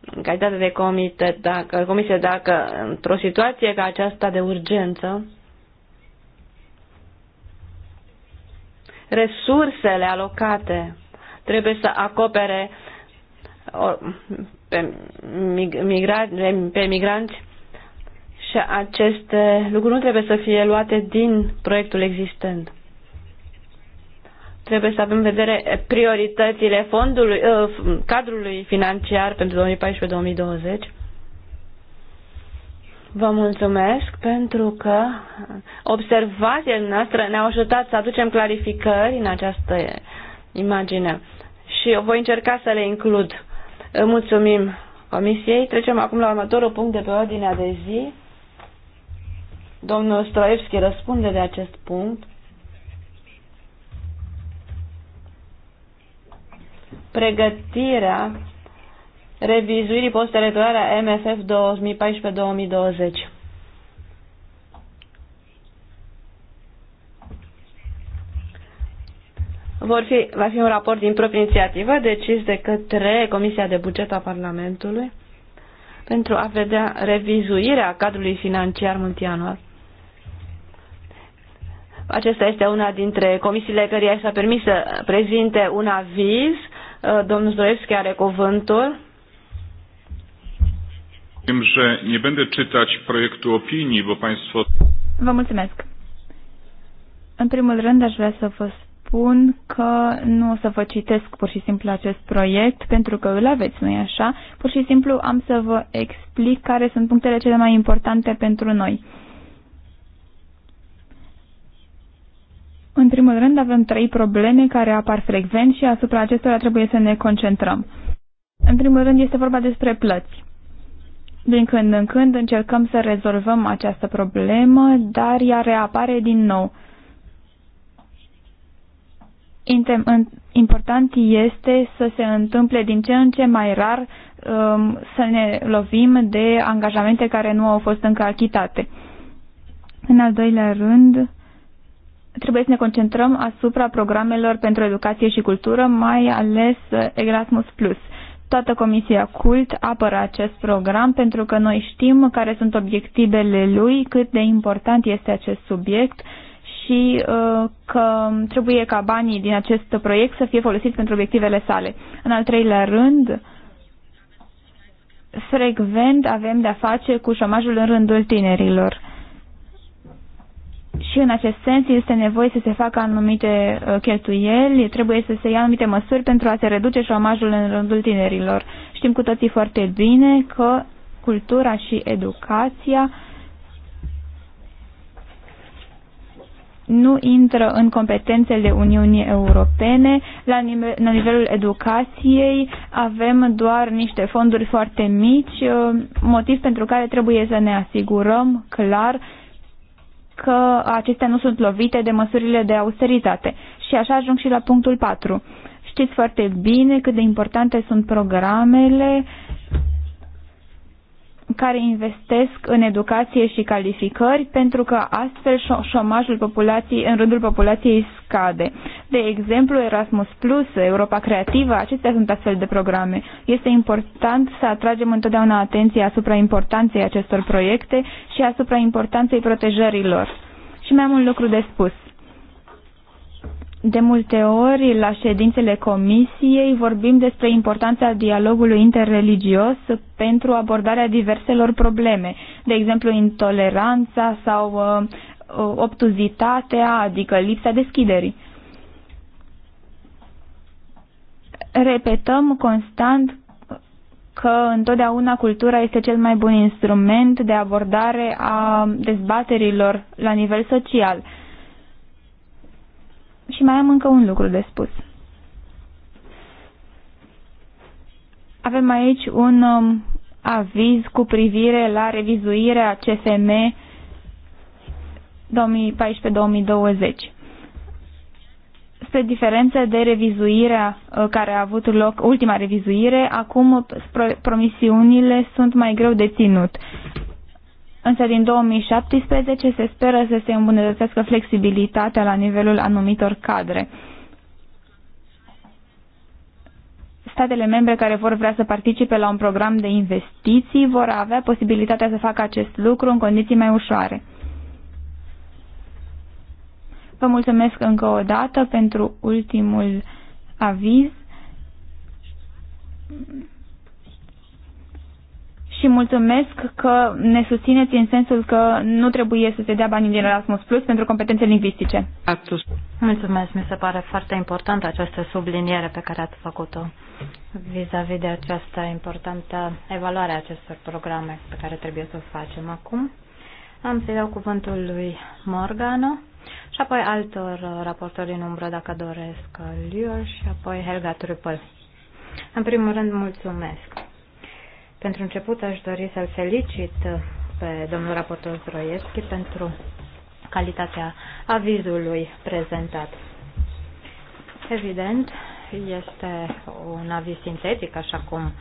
în calitate de comitet, dacă, comisie, dacă într-o situație ca aceasta de urgență, resursele alocate trebuie să acopere pe, migra- pe migranți și aceste lucruri nu trebuie să fie luate din proiectul existent. Trebuie să avem în vedere prioritățile fondului, uh, cadrului financiar pentru 2014-2020. Vă mulțumesc pentru că observațiile noastre ne-au ajutat să aducem clarificări în această imagine și voi încerca să le includ. Mulțumim Comisiei. Trecem acum la următorul punct de pe ordinea de zi. Domnul Stroevski răspunde de acest punct. Pregătirea revizuirii postelectorale a MFF 2014-2020. Vor fi, va fi un raport din proprie inițiativă decis de către Comisia de Buget a Parlamentului pentru a vedea revizuirea cadrului financiar multianual. Acesta este una dintre comisiile care i s-a permis să prezinte un aviz. Uh, domnul Zoevski are cuvântul. opinii, Vă mulțumesc. În primul rând aș vrea să vă spun că nu o să vă citesc pur și simplu acest proiect, pentru că îl aveți, nu-i așa? Pur și simplu am să vă explic care sunt punctele cele mai importante pentru noi. În primul rând, avem trei probleme care apar frecvent și asupra acestora trebuie să ne concentrăm. În primul rând, este vorba despre plăți. Din când în când încercăm să rezolvăm această problemă, dar ea reapare din nou. Important este să se întâmple din ce în ce mai rar um, să ne lovim de angajamente care nu au fost încă achitate. În al doilea rând, trebuie să ne concentrăm asupra programelor pentru educație și cultură, mai ales uh, Erasmus+. Toată Comisia CULT apără acest program pentru că noi știm care sunt obiectivele lui, cât de important este acest subiect și uh, că trebuie ca banii din acest proiect să fie folosiți pentru obiectivele sale. În al treilea rând, frecvent avem de-a face cu șomajul în rândul tinerilor și în acest sens este nevoie să se facă anumite uh, cheltuieli, trebuie să se ia anumite măsuri pentru a se reduce șomajul în rândul tinerilor. Știm cu toții foarte bine că cultura și educația nu intră în competențele Uniunii Europene. La, nive- la nivelul educației avem doar niște fonduri foarte mici, uh, motiv pentru care trebuie să ne asigurăm clar că acestea nu sunt lovite de măsurile de austeritate. Și așa ajung și la punctul 4. Știți foarte bine cât de importante sunt programele care investesc în educație și calificări, pentru că astfel șomajul populației, în rândul populației scade de exemplu Erasmus Plus, Europa Creativă, acestea sunt astfel de programe. Este important să atragem întotdeauna atenția asupra importanței acestor proiecte și asupra importanței protejărilor. Și mai am un lucru de spus. De multe ori, la ședințele comisiei, vorbim despre importanța dialogului interreligios pentru abordarea diverselor probleme, de exemplu intoleranța sau uh, uh obtuzitatea, adică lipsa deschiderii. repetăm constant că întotdeauna cultura este cel mai bun instrument de abordare a dezbaterilor la nivel social. Și mai am încă un lucru de spus. Avem aici un um, aviz cu privire la revizuirea CFM 2014-2020 spre diferență de revizuire uh, care a avut loc, ultima revizuire, acum promisiunile sunt mai greu de ținut. Însă din 2017 se speră să se îmbunătățească flexibilitatea la nivelul anumitor cadre. Statele membre care vor vrea să participe la un program de investiții vor avea posibilitatea să facă acest lucru în condiții mai ușoare. Vă mulțumesc încă o dată pentru ultimul aviz și mulțumesc că ne susțineți în sensul că nu trebuie să se dea banii din Erasmus Plus pentru competențe lingvistice. Mulțumesc, mi se pare foarte importantă această subliniere pe care ați făcut-o vis-a-vis de această importantă evaluare a acestor programe pe care trebuie să o facem acum. Am să dau cuvântul lui Morgano și apoi altor uh, raportori în umbră, dacă doresc, uh, Lior și apoi Helga Trupel. În primul rând, mulțumesc. Pentru început aș dori să-l felicit uh, pe domnul raportor Zdroieschi pentru calitatea avizului prezentat. Evident, este un aviz sintetic, așa cum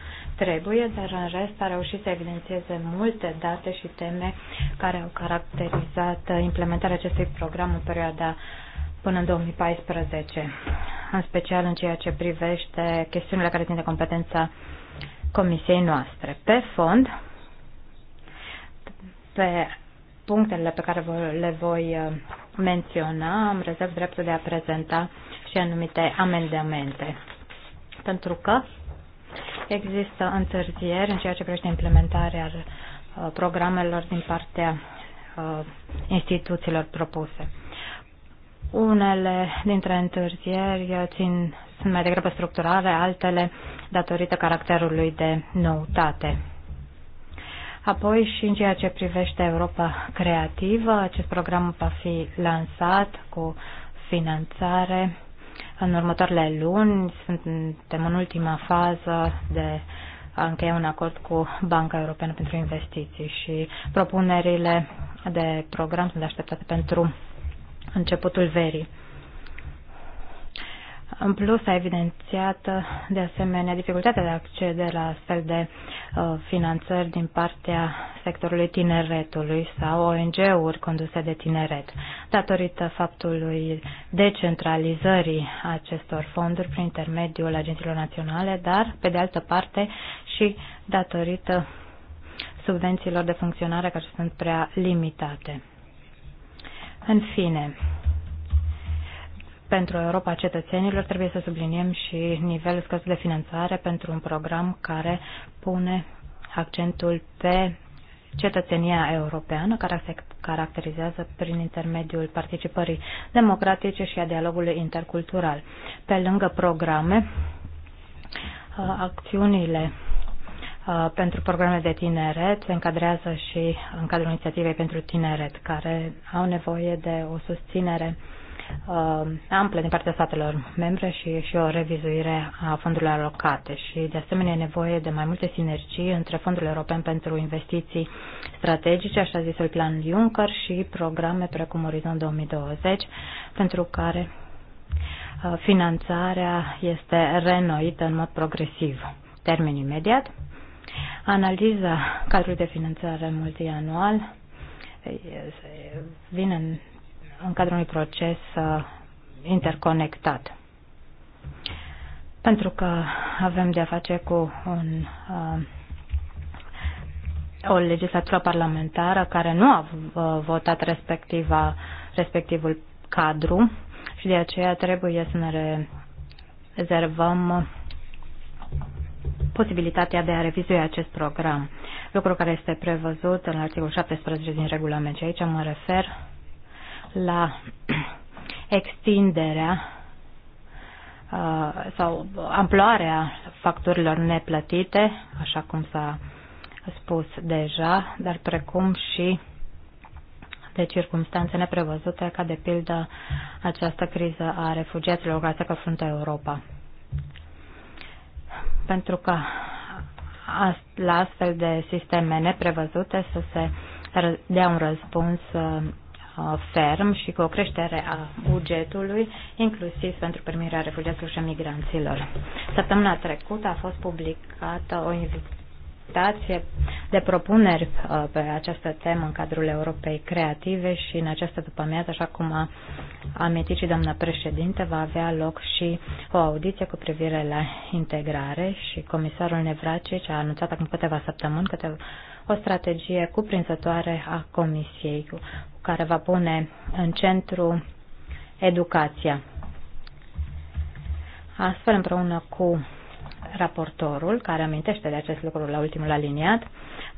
trebuie, dar în rest a reușit să evidențieze multe date și teme care au caracterizat implementarea acestui program în perioada până în 2014, în special în ceea ce privește chestiunile care țin de competența comisiei noastre. Pe fond, pe punctele pe care le voi uh, menționa, am rezerv dreptul de a prezenta și anumite amendamente. Pentru că Există întârzieri în ceea ce privește implementarea uh, programelor din partea uh, instituțiilor propuse. Unele dintre întârzieri țin, sunt mai degrabă structurale, altele datorită caracterului de noutate. Apoi și în ceea ce privește Europa Creativă, acest program va fi lansat cu finanțare în următoarele luni. Suntem în ultima fază de a încheia un acord cu Banca Europeană pentru Investiții și propunerile de program sunt așteptate pentru începutul verii. În plus, a evidențiat de asemenea dificultatea de a accede la astfel de uh, finanțări din partea sectorului tineretului sau ONG-uri conduse de tineret, datorită faptului decentralizării acestor fonduri prin intermediul agențiilor naționale, dar, pe de altă parte, și datorită subvențiilor de funcționare care sunt prea limitate. În fine, pentru Europa cetățenilor, trebuie să subliniem și nivelul scăzut de finanțare pentru un program care pune accentul pe cetățenia europeană, care se caracterizează prin intermediul participării democratice și a dialogului intercultural. Pe lângă programe, uh, acțiunile uh, pentru programe de tineret se încadrează și în cadrul inițiativei pentru tineret, care au nevoie de o susținere uh, uh, ample din partea statelor membre și, și o revizuire a fondurilor alocate și de asemenea e nevoie de mai multe sinergii între fondurile european pentru investiții strategice, așa zisul plan Juncker și programe precum Orizont 2020 pentru care uh, finanțarea este renoită în mod progresiv. Termen imediat. Analiza cadrului de finanțare multianual vine în în cadrul unui proces uh, interconectat. Pentru că avem de-a face cu un, uh, o legislatură parlamentară care nu a uh, votat respectiva, respectivul cadru și de aceea trebuie să ne rezervăm posibilitatea de a revizui acest program, lucru care este prevăzut în articolul 17 din regulament. Și aici mă refer la extinderea uh, sau amploarea facturilor neplătite, așa cum s-a spus deja, dar precum și de circunstanțe neprevăzute, ca de pildă această criză a refugiaților care se confruntă Europa. Pentru că la astfel de sisteme neprevăzute să se dea un răspuns uh, Uh, ferm și cu o creștere a bugetului, inclusiv pentru primirea refugiaților și a migranților. Săptămâna trecută a fost publicată o invitație de propuneri uh, pe această temă în cadrul Europei Creative și în această după-amiază, așa cum a amintit și doamna președinte, va avea loc și o audiție cu privire la integrare și comisarul ce a anunțat acum câteva săptămâni, câteva o strategie cuprinzătoare a Comisiei, care va pune în centru educația. Astfel, împreună cu raportorul, care amintește de acest lucru la ultimul aliniat,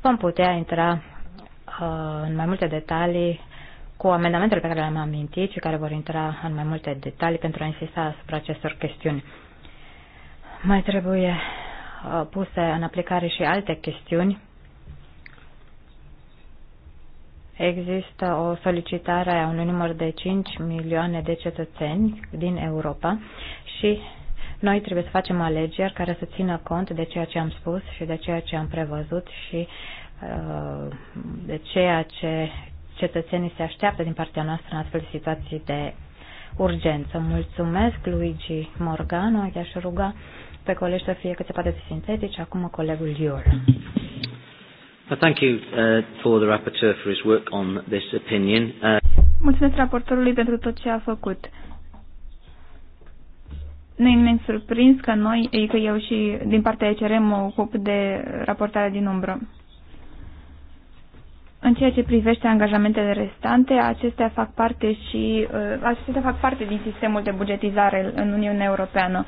vom putea intra uh, în mai multe detalii cu amendamentele pe care le-am amintit și care vor intra în mai multe detalii pentru a insista asupra acestor chestiuni. Mai trebuie uh, puse în aplicare și alte chestiuni există o solicitare a unui număr de 5 milioane de cetățeni din Europa și noi trebuie să facem alegeri care să țină cont de ceea ce am spus și de ceea ce am prevăzut și uh, de ceea ce cetățenii se așteaptă din partea noastră în astfel de situații de urgență. Mulțumesc, Luigi Morgano, i-aș ruga pe colegi să fie cât se poate de sintetici, acum colegul Iol thank you uh, for the rapporteur for his work on this opinion. Uh, Mulțumesc raportorului pentru tot ce a făcut. Ne nimeni surprins că noi, că eu și din partea ECR mă ocup de raportarea din umbră. În ceea ce privește angajamentele restante, acestea fac parte și uh, acestea fac parte din sistemul de bugetizare în Uniunea Europeană.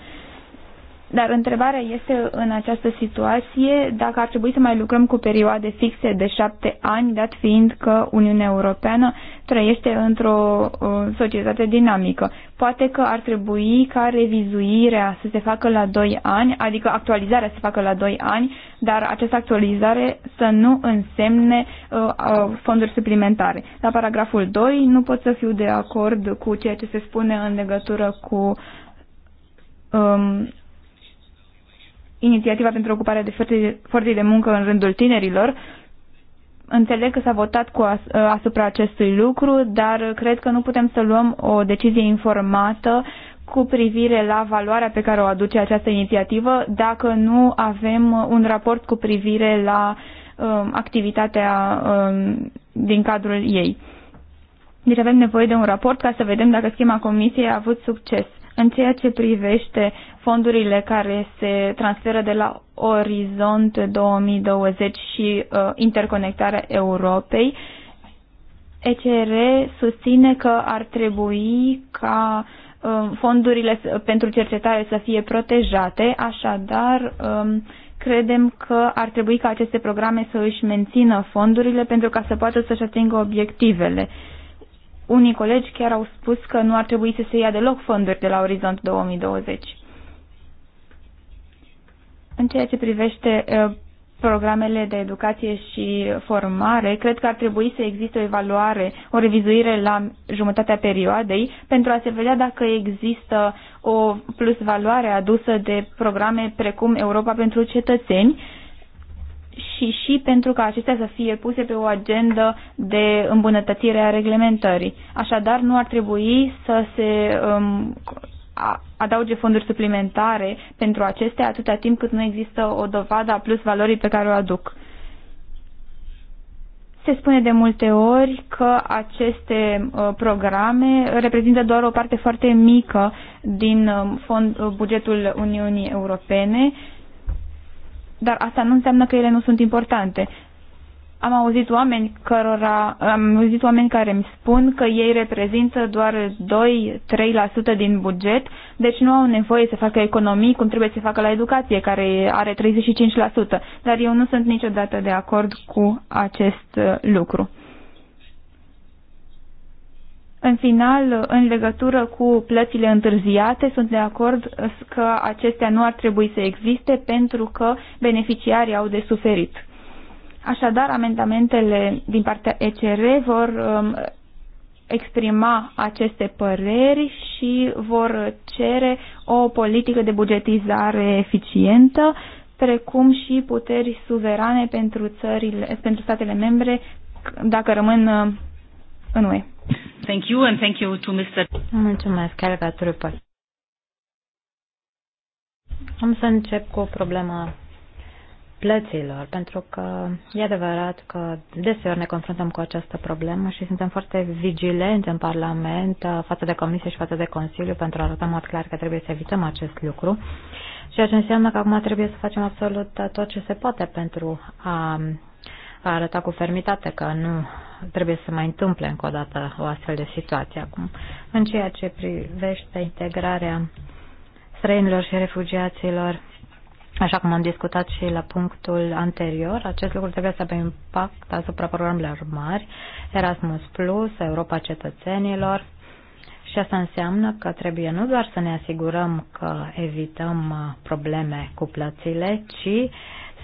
Dar întrebarea este în această situație dacă ar trebui să mai lucrăm cu perioade fixe de șapte ani, dat fiind că Uniunea Europeană trăiește într-o societate dinamică. Poate că ar trebui ca revizuirea să se facă la doi ani, adică actualizarea să se facă la doi ani, dar această actualizare să nu însemne fonduri suplimentare. La paragraful 2 nu pot să fiu de acord cu ceea ce se spune în legătură cu um, inițiativa pentru ocuparea de forței de muncă în rândul tinerilor. Înțeleg că s-a votat cu as, ă, asupra acestui lucru, dar cred că nu putem să luăm o decizie informată cu privire la valoarea pe care o aduce această inițiativă dacă nu avem un raport cu privire la um, activitatea um, din cadrul ei. Deci avem nevoie de un raport ca să vedem dacă schema comisiei a avut succes. În ceea ce privește fondurile care se transferă de la Orizont 2020 și uh, interconectarea Europei, ECR susține că ar trebui ca uh, fondurile pentru cercetare să fie protejate, așadar um, credem că ar trebui ca aceste programe să își mențină fondurile pentru ca să poată să-și atingă obiectivele. Uh, unii colegi chiar au spus că nu ar trebui să se ia deloc fonduri de la Orizont 2020. În ceea ce privește programele de educație și formare, cred că ar trebui să existe o evaluare, o revizuire la jumătatea perioadei pentru a se vedea dacă există o plus valoare adusă de programe precum Europa pentru cetățeni și și pentru ca acestea să fie puse pe o agendă de îmbunătățire a reglementării. Așadar, nu ar trebui să se um, adauge fonduri suplimentare pentru acestea atâta timp cât nu există o dovadă a plus valorii pe care o aduc. Se spune de multe ori că aceste uh, programe reprezintă doar o parte foarte mică din uh, fond, uh, bugetul Uniunii Europene dar asta nu înseamnă că ele nu sunt importante. Am auzit oameni cărora, am auzit oameni care îmi spun că ei reprezintă doar 2-3% din buget, deci nu au nevoie să facă economii cum trebuie să facă la educație, care are 35%, dar eu nu sunt niciodată de acord cu acest uh, lucru. În final, în legătură cu plățile întârziate, sunt de acord că acestea nu ar trebui să existe pentru că beneficiarii au de suferit. Așadar, amendamentele din partea ECR vor um, exprima aceste păreri și vor cere o politică de bugetizare eficientă, precum și puteri suverane pentru, țările, pentru statele membre dacă rămân uh, în UE. Thank you and thank you to Mr. Mulțumesc, Helga Trupă. Am să încep cu problema plăților, pentru că e adevărat că deseori ne confruntăm cu această problemă și suntem foarte vigilenți în Parlament uh, față de Comisie și față de Consiliu pentru a arăta mod clar că trebuie să evităm acest lucru, ceea ce înseamnă că acum trebuie să facem absolut uh, tot ce se poate pentru a a arătat cu fermitate că nu trebuie să mai întâmple încă o dată o astfel de situație acum. În ceea ce privește integrarea străinilor și refugiaților, așa cum am discutat și la punctul anterior, acest lucru trebuie să aibă impact asupra programelor mari, Erasmus+, Plus, Europa cetățenilor, și asta înseamnă că trebuie nu doar să ne asigurăm că evităm probleme cu plățile, ci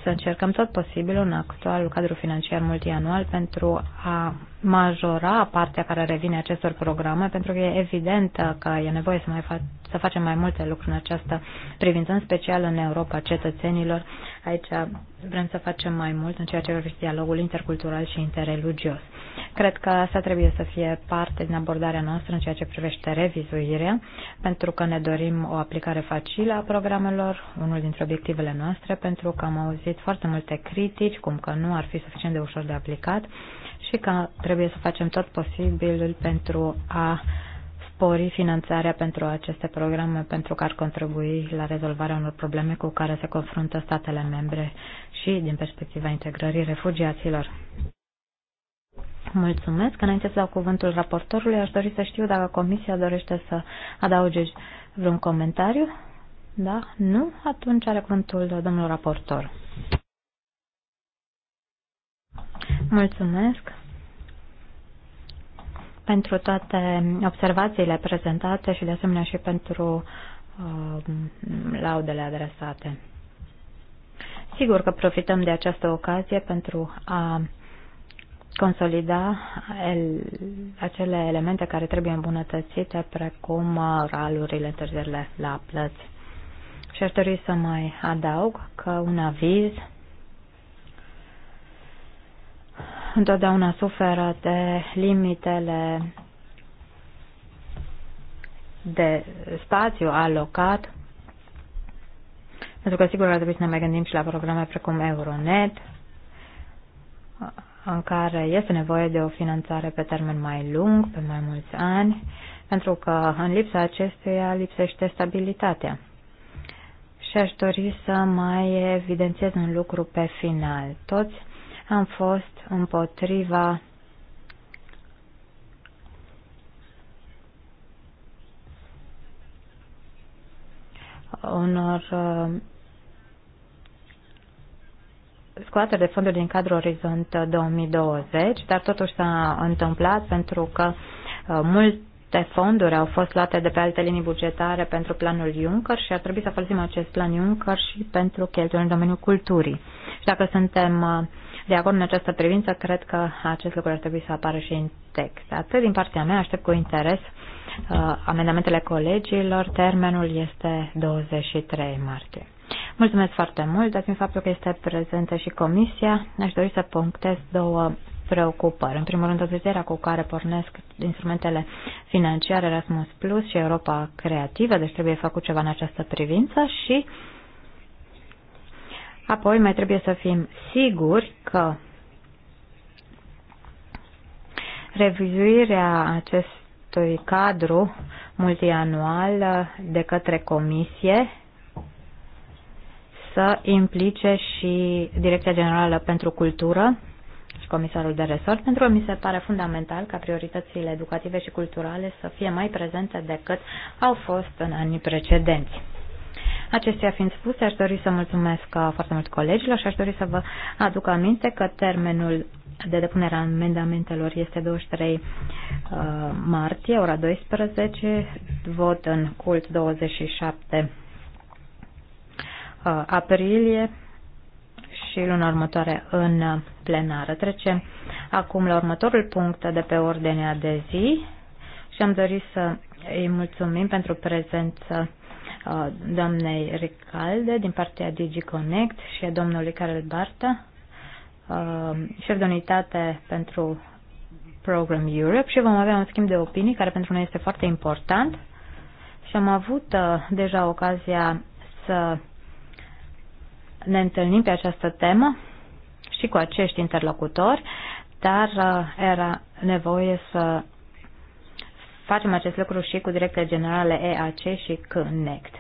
să încercăm tot posibilul în actualul cadru financiar multianual pentru a majora partea care revine acestor programe, pentru că e evident că e nevoie să, mai fa- să facem mai multe lucruri în această privință, în special în Europa cetățenilor. Aici vrem să facem mai mult în ceea ce privește dialogul intercultural și interreligios. Cred că asta trebuie să fie parte din abordarea noastră în ceea ce privește revizuirea, pentru că ne dorim o aplicare facilă a programelor, unul dintre obiectivele noastre, pentru că am auzit foarte multe critici, cum că nu ar fi suficient de ușor de aplicat și că trebuie să facem tot posibilul pentru a spori finanțarea pentru aceste programe pentru că ar contribui la rezolvarea unor probleme cu care se confruntă statele membre și din perspectiva integrării refugiaților. Mulțumesc. Înainte să dau cuvântul raportorului, aș dori să știu dacă Comisia dorește să adauge vreun comentariu. Da? Nu? Atunci are cuvântul domnul raportor. Mulțumesc pentru toate observațiile prezentate și de asemenea și pentru uh, laudele adresate. Sigur că profităm de această ocazie pentru a consolida el, acele elemente care trebuie îmbunătățite, precum uh, ralurile, întârzierile la plăți. Și aș dori să mai adaug că un aviz întotdeauna suferă de limitele de spațiu alocat, pentru că sigur ar trebui să ne mai gândim și la programe precum Euronet, în care este nevoie de o finanțare pe termen mai lung, pe mai mulți ani, pentru că în lipsa acestuia lipsește stabilitatea. Și aș dori să mai evidențiez un lucru pe final. Toți am fost împotriva unor uh, scoatere de fonduri din cadrul Orizont 2020, dar totuși s-a întâmplat pentru că uh, multe fonduri au fost luate de pe alte linii bugetare pentru planul Juncker și ar trebui să folosim acest plan Juncker și pentru cheltuieli în domeniul culturii. Și dacă suntem uh, de acord în această privință, cred că acest lucru ar trebui să apară și în text. Atât din partea mea, aștept cu interes uh, amendamentele colegilor. Termenul este 23 martie. Mulțumesc foarte mult, dar fiind faptul că este prezentă și comisia, aș dori să punctez două preocupări. În primul rând, întârzierea cu care pornesc instrumentele financiare Erasmus Plus și Europa Creativă, deci trebuie făcut ceva în această privință și uh, Apoi mai trebuie să fim siguri că revizuirea acestui cadru multianual de către comisie să implice și Direcția Generală pentru Cultură și Comisarul de Resort, pentru că mi se pare fundamental ca prioritățile educative și culturale să fie mai prezente decât au fost în anii precedenți. Acestea fiind spuse, aș dori să mulțumesc uh, foarte mult colegilor și aș dori să vă aduc aminte că termenul de depunere a amendamentelor este 23 uh, martie, ora 12, vot în cult 27 uh, aprilie și luna următoare în plenară. Trecem acum la următorul punct de pe ordinea de zi și am dorit să îi mulțumim pentru prezență doamnei Ricalde din partea DigiConnect și a domnului Karel Barta, șef de unitate pentru Program Europe și vom avea un schimb de opinii care pentru noi este foarte important și am avut deja ocazia să ne întâlnim pe această temă și cu acești interlocutori, dar era nevoie să Facem acest lucru și cu direcția generală EAC și CNECT.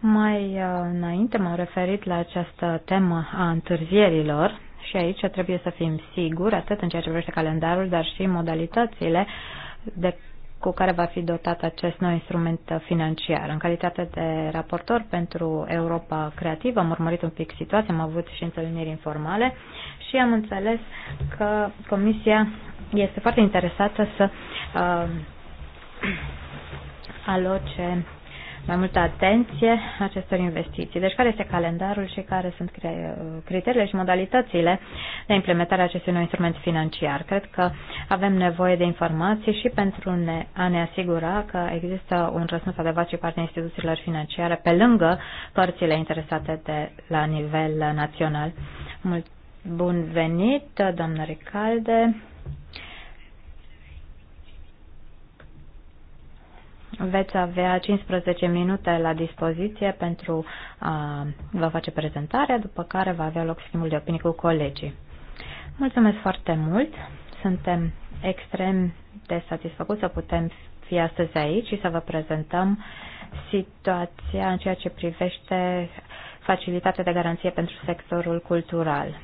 Mai uh, înainte m-am referit la această temă a întârzierilor și aici trebuie să fim siguri, atât în ceea ce privește calendarul, dar și modalitățile de cu care va fi dotat acest nou instrument financiar. În calitate de raportor pentru Europa Creativă am urmărit un pic situația, am avut și întâlniri informale și am înțeles că Comisia este foarte interesată să uh, aloce mai multă atenție acestor investiții. Deci care este calendarul și care sunt uh, criteriile și modalitățile de implementare a acestui nou instrument financiar. Cred că avem nevoie de informații și pentru ne, a ne asigura că există un răspuns adevărat și partea instituțiilor financiare pe lângă părțile interesate de la nivel național. Mult bun venit, doamnă Ricalde. Veți avea 15 minute la dispoziție pentru a vă face prezentarea, după care va avea loc schimbul de opinii cu colegii. Mulțumesc foarte mult! Suntem extrem de satisfăcuți să putem fi astăzi aici și să vă prezentăm situația în ceea ce privește facilitatea de garanție pentru sectorul cultural.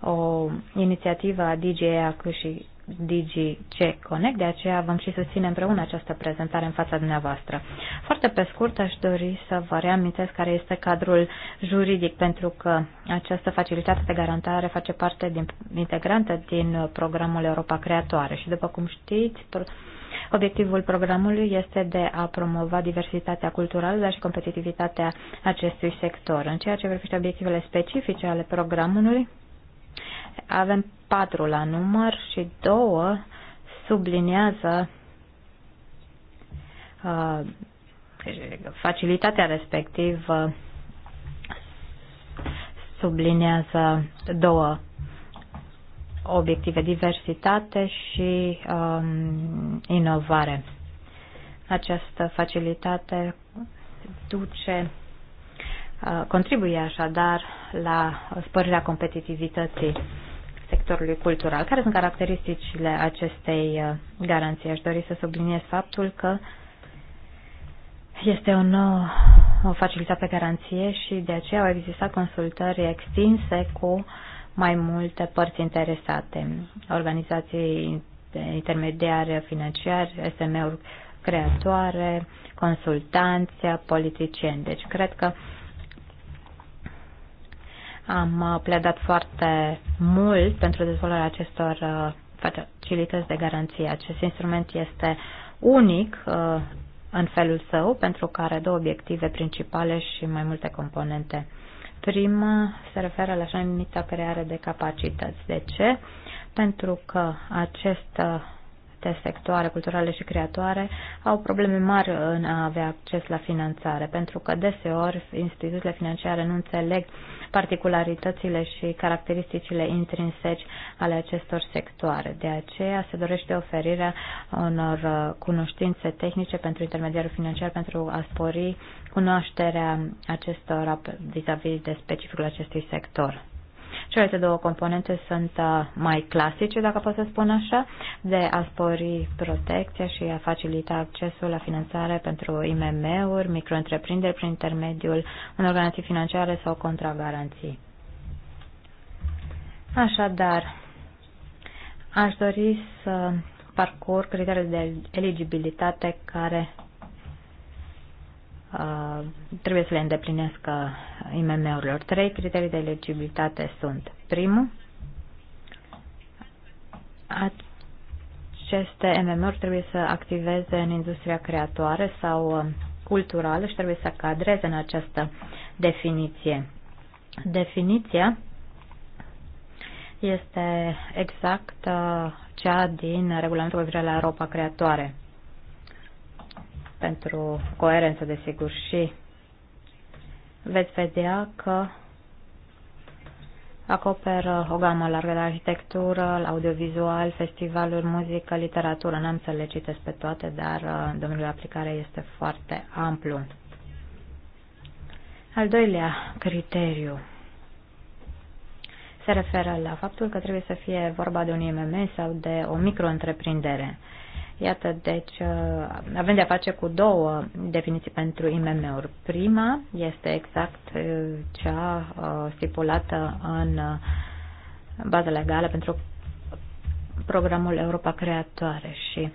O inițiativă a DGA și DGC Connect, de aceea vom și susține împreună această prezentare în fața dumneavoastră. Foarte pe scurt aș dori să vă reamintesc care este cadrul juridic, pentru că această facilitate de garantare face parte din, integrantă din programul Europa Creatoare și după cum știți, Obiectivul programului este de a promova diversitatea culturală, dar și competitivitatea acestui sector. În ceea ce privește obiectivele specifice ale programului, avem patru la număr și două subliniază uh, facilitatea respectivă subliniază două obiective, diversitate și um, inovare. Această facilitate duce, uh, contribuie așadar la sporirea competitivității sectorului cultural. Care sunt caracteristicile acestei uh, garanții? Aș dori să subliniez faptul că este o nouă uh, o facilitate pe garanție și de aceea au existat consultări extinse cu mai multe părți interesate, organizații intermediare financiare, SME-uri creatoare, consultanți, politicieni. Deci cred că uh, am uh, pledat foarte mult pentru dezvoltarea acestor uh, facilități de garanție. Acest instrument este unic uh, în felul său, pentru că are două obiective principale și mai multe componente. Prima se referă la așa numită creare de capacități. De ce? Pentru că acest teste sectoare culturale și creatoare au probleme mari în a avea acces la finanțare, pentru că deseori instituțiile financiare nu înțeleg particularitățile și caracteristicile intrinseci ale acestor sectoare. De aceea se dorește oferirea unor cunoștințe tehnice pentru intermediarul financiar pentru a spori cunoașterea acestora vis-a-vis -vis de specificul acestui sector. Celelalte două componente sunt uh, mai clasice, dacă pot să spun așa, de a spori protecția și a facilita accesul la finanțare pentru IMM-uri, micro-întreprinderi prin intermediul unor garanții financiare sau contragaranții. Așadar, aș dori să parcurg criteriile de eligibilitate care Uh, trebuie să le îndeplinesc IMM-urilor. Trei criterii de eligibilitate sunt. Primul, aceste MMR trebuie să activeze în industria creatoare sau uh, culturală și trebuie să cadreze în această definiție. Definiția este exact uh, cea din regulamentul privire la Europa creatoare pentru coerență, desigur, și veți vedea că acoperă o gamă largă de arhitectură, audiovizual, festivaluri, muzică, literatură. N-am să le citesc pe toate, dar uh, domeniul de aplicare este foarte amplu. Al doilea criteriu se referă la faptul că trebuie să fie vorba de un IMM sau de o micro-întreprindere. Iată, deci uh, avem de-a face cu două definiții pentru IMM-uri. Prima este exact uh, cea uh, stipulată în baza legală pentru programul Europa Creatoare și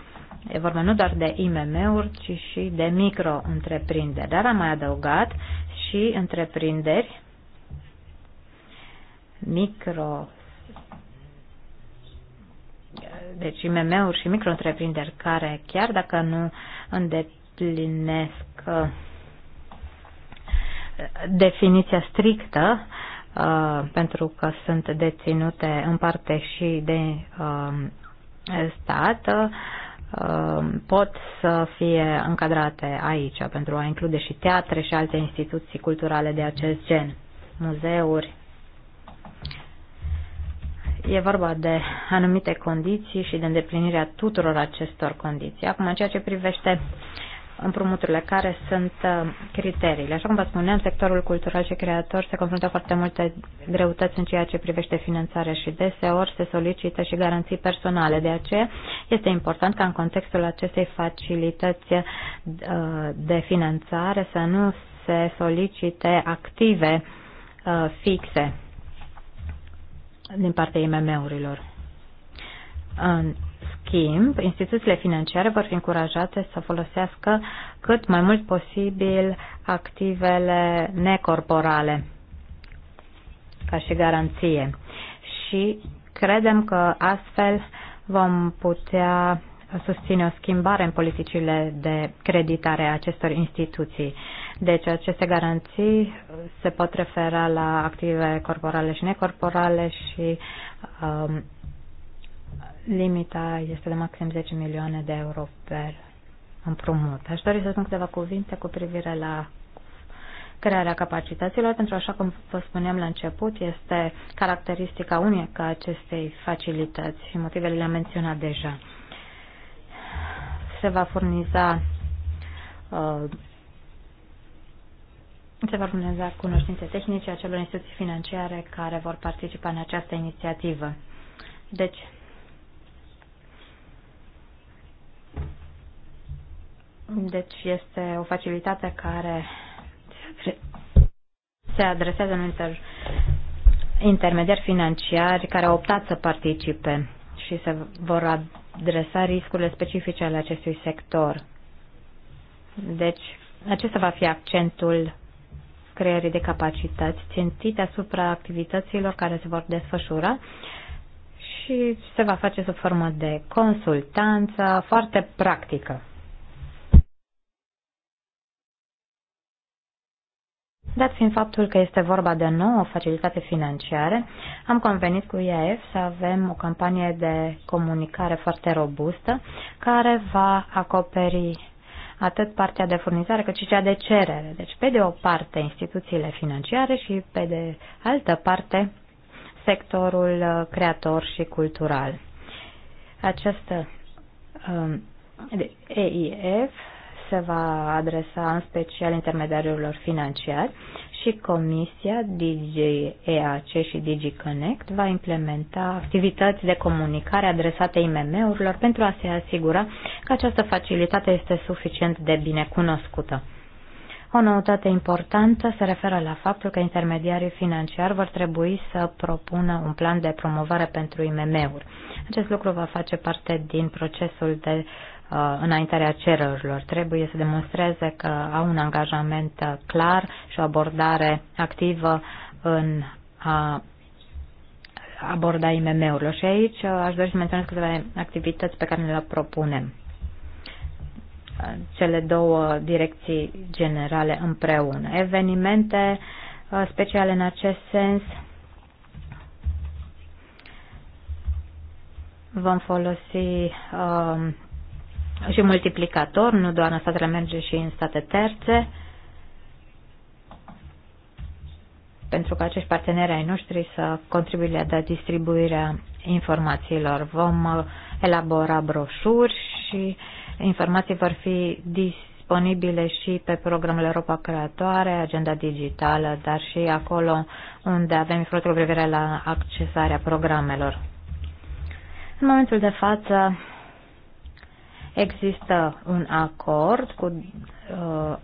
e vorba nu doar de IMM-uri, ci și de micro-întreprinderi. Dar am mai adăugat și întreprinderi micro deci IMM-uri și micro care chiar dacă nu îndeplinesc uh, definiția strictă, uh, pentru că sunt deținute în parte și de uh, stat, pot să fie încadrate aici pentru a include și teatre și alte instituții culturale de acest gen, muzeuri, E vorba de anumite condiții și de îndeplinirea tuturor acestor condiții. Acum, în ceea ce privește împrumuturile, care sunt uh, criteriile? Așa cum vă spuneam, sectorul cultural și creator se confruntă foarte multe greutăți în ceea ce privește finanțarea și deseori se solicită și garanții personale. De aceea este important ca în contextul acestei facilități uh, de finanțare să nu se solicite active uh, fixe din partea IMM-urilor. În schimb, instituțiile financiare vor fi încurajate să folosească cât mai mult posibil activele necorporale ca și garanție. Și credem că astfel vom putea susține o schimbare în politicile de creditare a acestor instituții. Deci aceste garanții se pot refera la active corporale și necorporale și um, limita este de maxim 10 milioane de euro per împrumut. Aș dori să spun câteva cuvinte cu privire la crearea capacităților, pentru așa cum vă spuneam la început, este caracteristica unică a acestei facilități și motivele le-am menționat deja. Se va furniza uh, se vor vâneza cunoștințe tehnice a celor instituții financiare care vor participa în această inițiativă. Deci, deci este o facilitate care se adresează inter intermediari financiari care au optat să participe și se vor adresa riscurile specifice ale acestui sector. Deci, acesta va fi accentul creierii de capacități țintite asupra activităților care se vor desfășura și se va face sub formă de consultanță foarte practică. Dat fiind faptul că este vorba de nouă facilitate financiară, am convenit cu IAF să avem o campanie de comunicare foarte robustă care va acoperi atât partea de furnizare cât și cea de cerere. Deci, pe de o parte, instituțiile financiare și pe de altă parte, sectorul uh, creator și cultural. Această um, EIF se va adresa în special intermediarilor financiari și Comisia DGEAC și DigiConnect va implementa activități de comunicare adresate IMM-urilor pentru a se asigura că această facilitate este suficient de bine cunoscută. O noutate importantă se referă la faptul că intermediarii financiari vor trebui să propună un plan de promovare pentru IMM-uri. Acest lucru va face parte din procesul de Uh, înaintarea cererilor. Trebuie să demonstreze că au un angajament uh, clar și o abordare activă în a aborda IMM-urilor. Și aici uh, aș dori să menționez câteva activități pe care le propunem cele două direcții generale împreună. Evenimente speciale în acest sens vom folosi și multiplicator, nu doar în statele merge și în state terțe, pentru că acești parteneri ai noștri să contribuie la distribuirea informațiilor. Vom uh, elabora broșuri și informații vor fi disponibile și pe programul Europa Creatoare, agenda digitală, dar și acolo unde avem informații cu privire la accesarea programelor. În momentul de față, Există un acord cu, uh,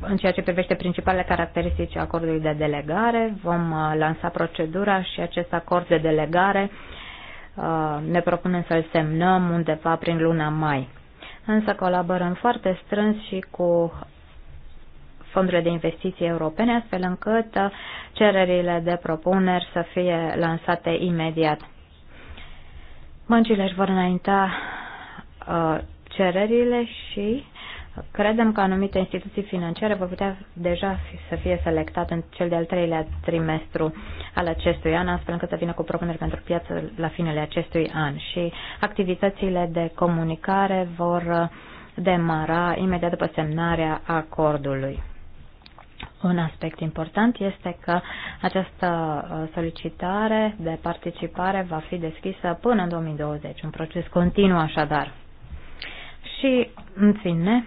în ceea ce privește principalele caracteristici acordului de delegare. Vom uh, lansa procedura și acest acord de delegare uh, ne propunem să-l semnăm undeva prin luna mai. Însă colaborăm foarte strâns și cu fondurile de investiții europene, astfel încât uh, cererile de propuneri să fie lansate imediat. Băncile își vor înainta Uh, cererile și credem că anumite instituții financiare vor putea deja fi, să fie selectate în cel de-al treilea trimestru al acestui an, astfel încât să vină cu propuneri pentru piață la finele acestui an. Și activitățile de comunicare vor uh, demara imediat după semnarea acordului. Un aspect important este că această uh, solicitare de participare va fi deschisă până în 2020, un proces continuu așadar. Și, în fine,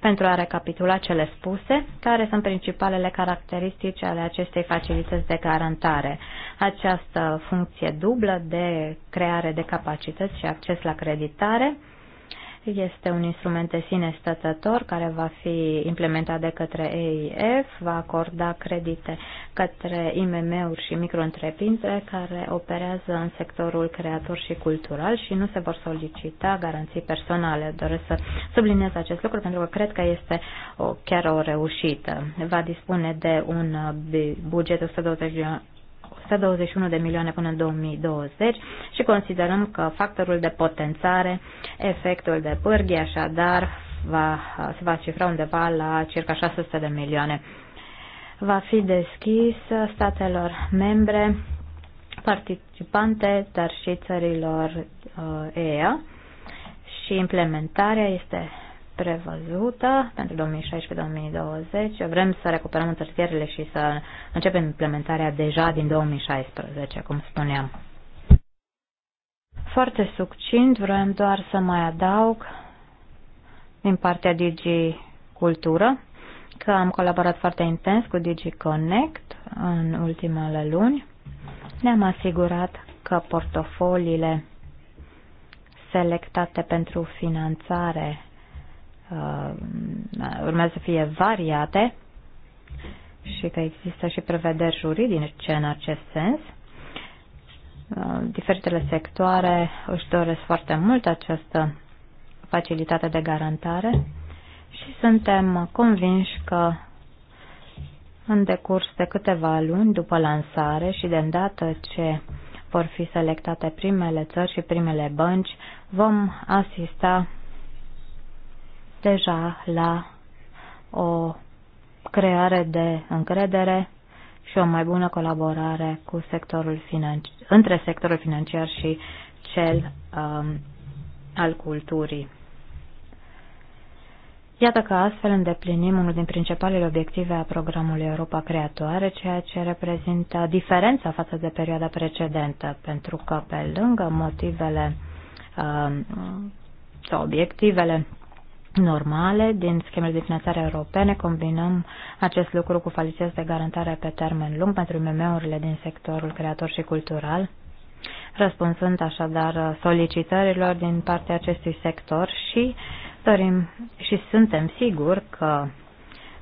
pentru a recapitula cele spuse, care sunt principalele caracteristici ale acestei facilități de garantare. Această funcție dublă de creare de capacități și acces la creditare este un instrument de sine stătător care va fi implementat de către EIF, va acorda credite către IMM-uri și micro-întreprinderi care operează în sectorul creator și cultural și nu se vor solicita garanții personale. Doresc să subliniez acest lucru pentru că cred că este o, chiar o reușită. Va dispune de un uh, buget de 120 121 de milioane până în 2020 și considerăm că factorul de potențare, efectul de pârghie, așadar, va, se va cifra undeva la circa 600 de milioane. Va fi deschis statelor membre participante, dar și țărilor uh, EA și implementarea este prevăzută pentru 2016-2020. Vrem să recuperăm întârzierile și să începem implementarea deja din 2016, cum spuneam. Foarte succint, vrem doar să mai adaug din partea Digi Cultură că am colaborat foarte intens cu Digi Connect în ultimele luni. Ne-am asigurat că portofoliile selectate pentru finanțare Uh, urmează să fie variate și că există și prevederi juridice în acest sens. Uh, diferitele sectoare își doresc foarte mult această facilitate de garantare și suntem convinși că în decurs de câteva luni după lansare și de îndată ce vor fi selectate primele țări și primele bănci, vom asista deja la o creare de încredere și o mai bună colaborare cu sectorul financi- între sectorul financiar și cel um, al culturii. Iată că astfel îndeplinim unul din principalele obiective a programului Europa Creatoare, ceea ce reprezintă diferența față de perioada precedentă, pentru că pe lângă motivele um, sau obiectivele normale din schemele de finanțare europene, combinăm acest lucru cu facilități de garantare pe termen lung pentru MM-urile din sectorul creator și cultural, răspunsând așadar solicitărilor din partea acestui sector și dorim și suntem siguri că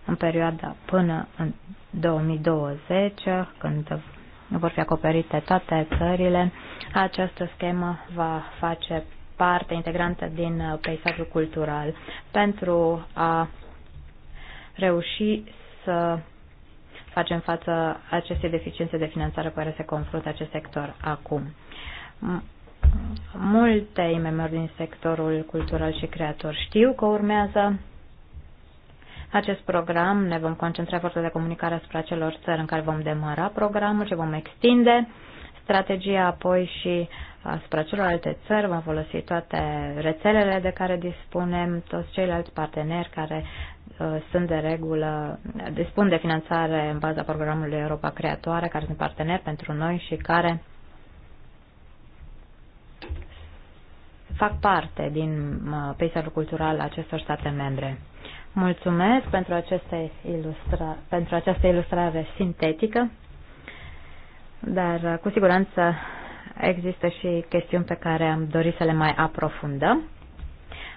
în perioada până în 2020, când vor fi acoperite toate țările, această schemă va face parte integrantă din uh, peisajul cultural pentru a reuși să facem față acestei deficiențe de finanțare cu care se confruntă acest sector acum. Multe imemori din sectorul cultural și creator știu că urmează acest program. Ne vom concentra foarte de comunicare asupra celor țări în care vom demara programul, ce vom extinde strategia apoi și asupra celorlalte țări, va folosi toate rețelele de care dispunem, toți ceilalți parteneri care uh, sunt de regulă, dispun de finanțare în baza programului Europa Creatoare, care sunt parteneri pentru noi și care fac parte din uh, peisajul cultural acestor state membre. Mulțumesc pentru, aceste ilustra, pentru această ilustrare sintetică, dar uh, cu siguranță Există și chestiuni pe care am dorit să le mai aprofundăm.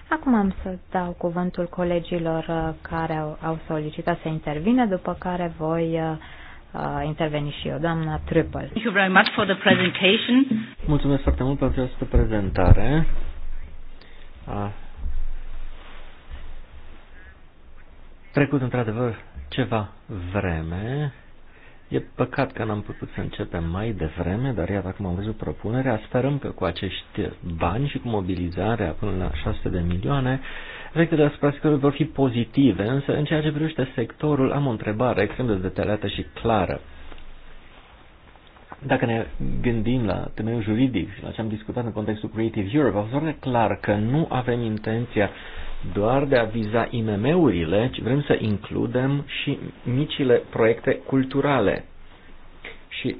Acum am să dau cuvântul colegilor uh, care au solicitat să intervină, după care voi uh, uh interveni și eu, doamna Triple. Thank you very much for the presentation. Mulțumesc foarte mult pentru această prezentare. A trecut într-adevăr ceva vreme E păcat că n-am putut să începem mai devreme, dar iată acum am văzut propunerea. Sperăm că cu acești bani și cu mobilizarea până la 600 de milioane, efectele asupra sectorului vor fi pozitive, însă în ceea ce privește sectorul am o întrebare extrem de detaliată și clară. Dacă ne gândim la temeiul juridic și la ce am discutat în contextul Creative Europe, a fost foarte clar că nu avem intenția doar de a viza IMM-urile, ci vrem să includem și micile proiecte culturale. Și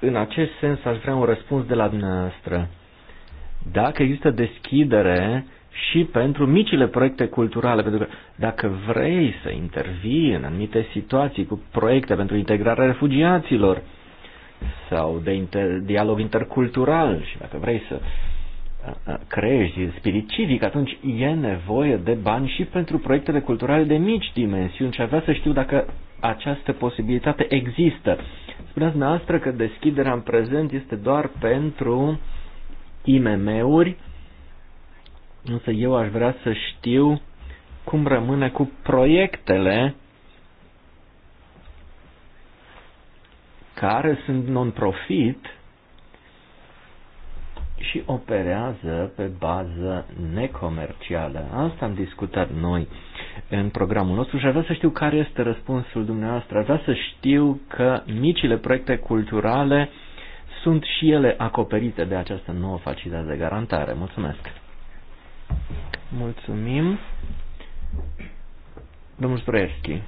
în acest sens aș vrea un răspuns de la dumneavoastră. Dacă există deschidere și pentru micile proiecte culturale, pentru că dacă vrei să intervii în anumite situații cu proiecte pentru integrarea refugiaților sau de inter- dialog intercultural și dacă vrei să crești, spirit civic, atunci e nevoie de bani și pentru proiectele culturale de mici dimensiuni și avea să știu dacă această posibilitate există. Spuneați noastră că deschiderea în prezent este doar pentru IMM-uri, însă eu aș vrea să știu cum rămâne cu proiectele care sunt non-profit și operează pe bază necomercială. Asta am discutat noi în programul nostru și aș vrea să știu care este răspunsul dumneavoastră. Aș vrea să știu că micile proiecte culturale sunt și ele acoperite de această nouă facilitate de garantare. Mulțumesc! Mulțumim! Domnul Stroievski.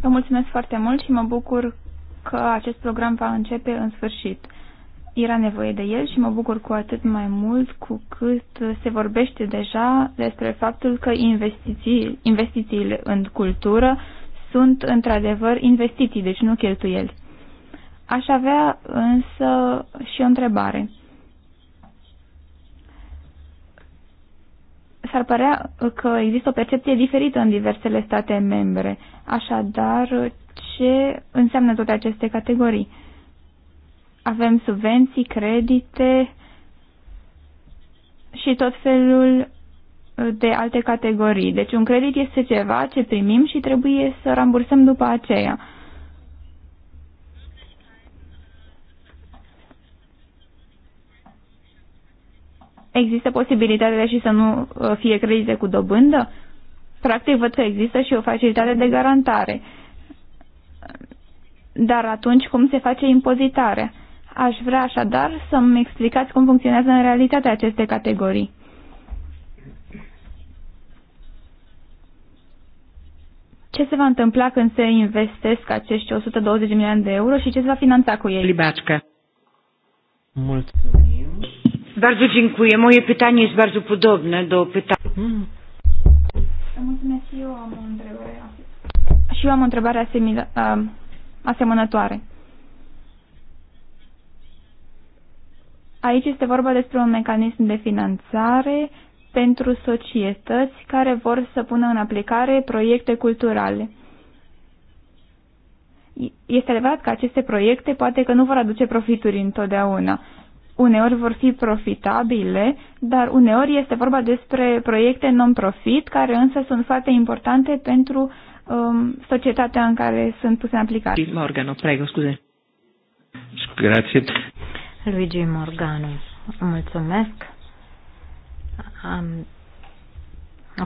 Vă mulțumesc foarte mult și mă bucur că acest program va începe în sfârșit. Era nevoie de el și mă bucur cu atât mai mult cu cât se vorbește deja despre faptul că investiții, investițiile în cultură sunt într-adevăr investiții, deci nu cheltuieli. Aș avea însă și o întrebare. s-ar părea că există o percepție diferită în diversele state membre. Așadar, ce înseamnă toate aceste categorii? Avem subvenții, credite și tot felul de alte categorii. Deci un credit este ceva ce primim și trebuie să rambursăm după aceea. există posibilitatea și să nu uh, fie credite cu dobândă? Practic văd că există și o facilitate de garantare. Dar atunci cum se face impozitarea? Aș vrea așadar să-mi explicați cum funcționează în realitate aceste categorii. Ce se va întâmpla când se investesc acești 120 milioane de euro și ce se va finanța cu ei? Libacica. Mulțumim. Bardzo dziękuję. Moje pytanie jest bardzo podobne do pytania. Hmm. Mulțumesc și eu am o întrebare. Și eu am o întrebare asemănătoare. Aici este vorba despre un mecanism de finanțare pentru societăți care vor să pună în aplicare proiecte culturale. Este adevărat că aceste proiecte poate că nu vor aduce profituri întotdeauna, uneori vor fi profitabile, dar uneori este vorba despre proiecte non-profit, care însă sunt foarte importante pentru um, societatea în care sunt puse în aplicare. Morgano, prego, scuze. Grazie. Luigi Morgano, mulțumesc. Am...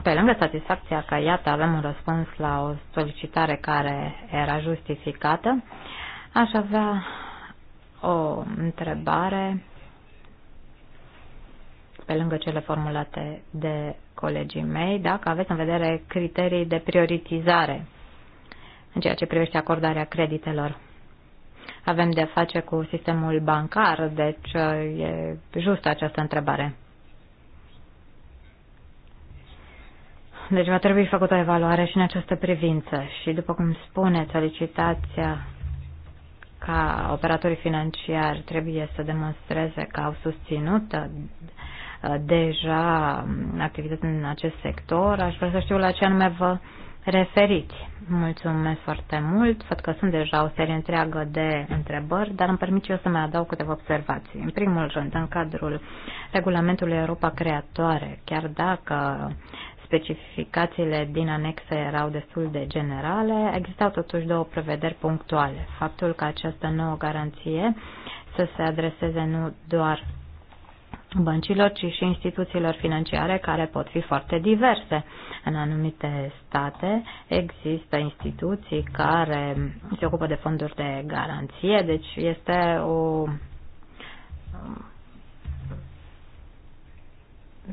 Pe lângă satisfacția că, iată, avem un răspuns la o solicitare care era justificată, aș avea o întrebare pe lângă cele formulate de colegii mei, dacă aveți în vedere criterii de prioritizare în ceea ce privește acordarea creditelor. Avem de-a face cu sistemul bancar, deci uh, e justă această întrebare. Deci va trebui făcută o evaluare și în această privință și, după cum spuneți, solicitația ca operatorii financiari trebuie să demonstreze că au susținut Uh, deja um, activitate în acest sector. Aș vrea să știu la ce anume vă referiți. Mulțumesc foarte mult. Văd că sunt deja o serie întreagă de întrebări, dar îmi permit eu să mai adaug câteva observații. În primul rând, în cadrul regulamentului Europa Creatoare, chiar dacă specificațiile din anexă erau destul de generale, existau totuși două prevederi punctuale. Faptul că această nouă garanție să se adreseze nu doar băncilor, ci și instituțiilor financiare care pot fi foarte diverse. În anumite state există instituții care se ocupă de fonduri de garanție, deci este o um,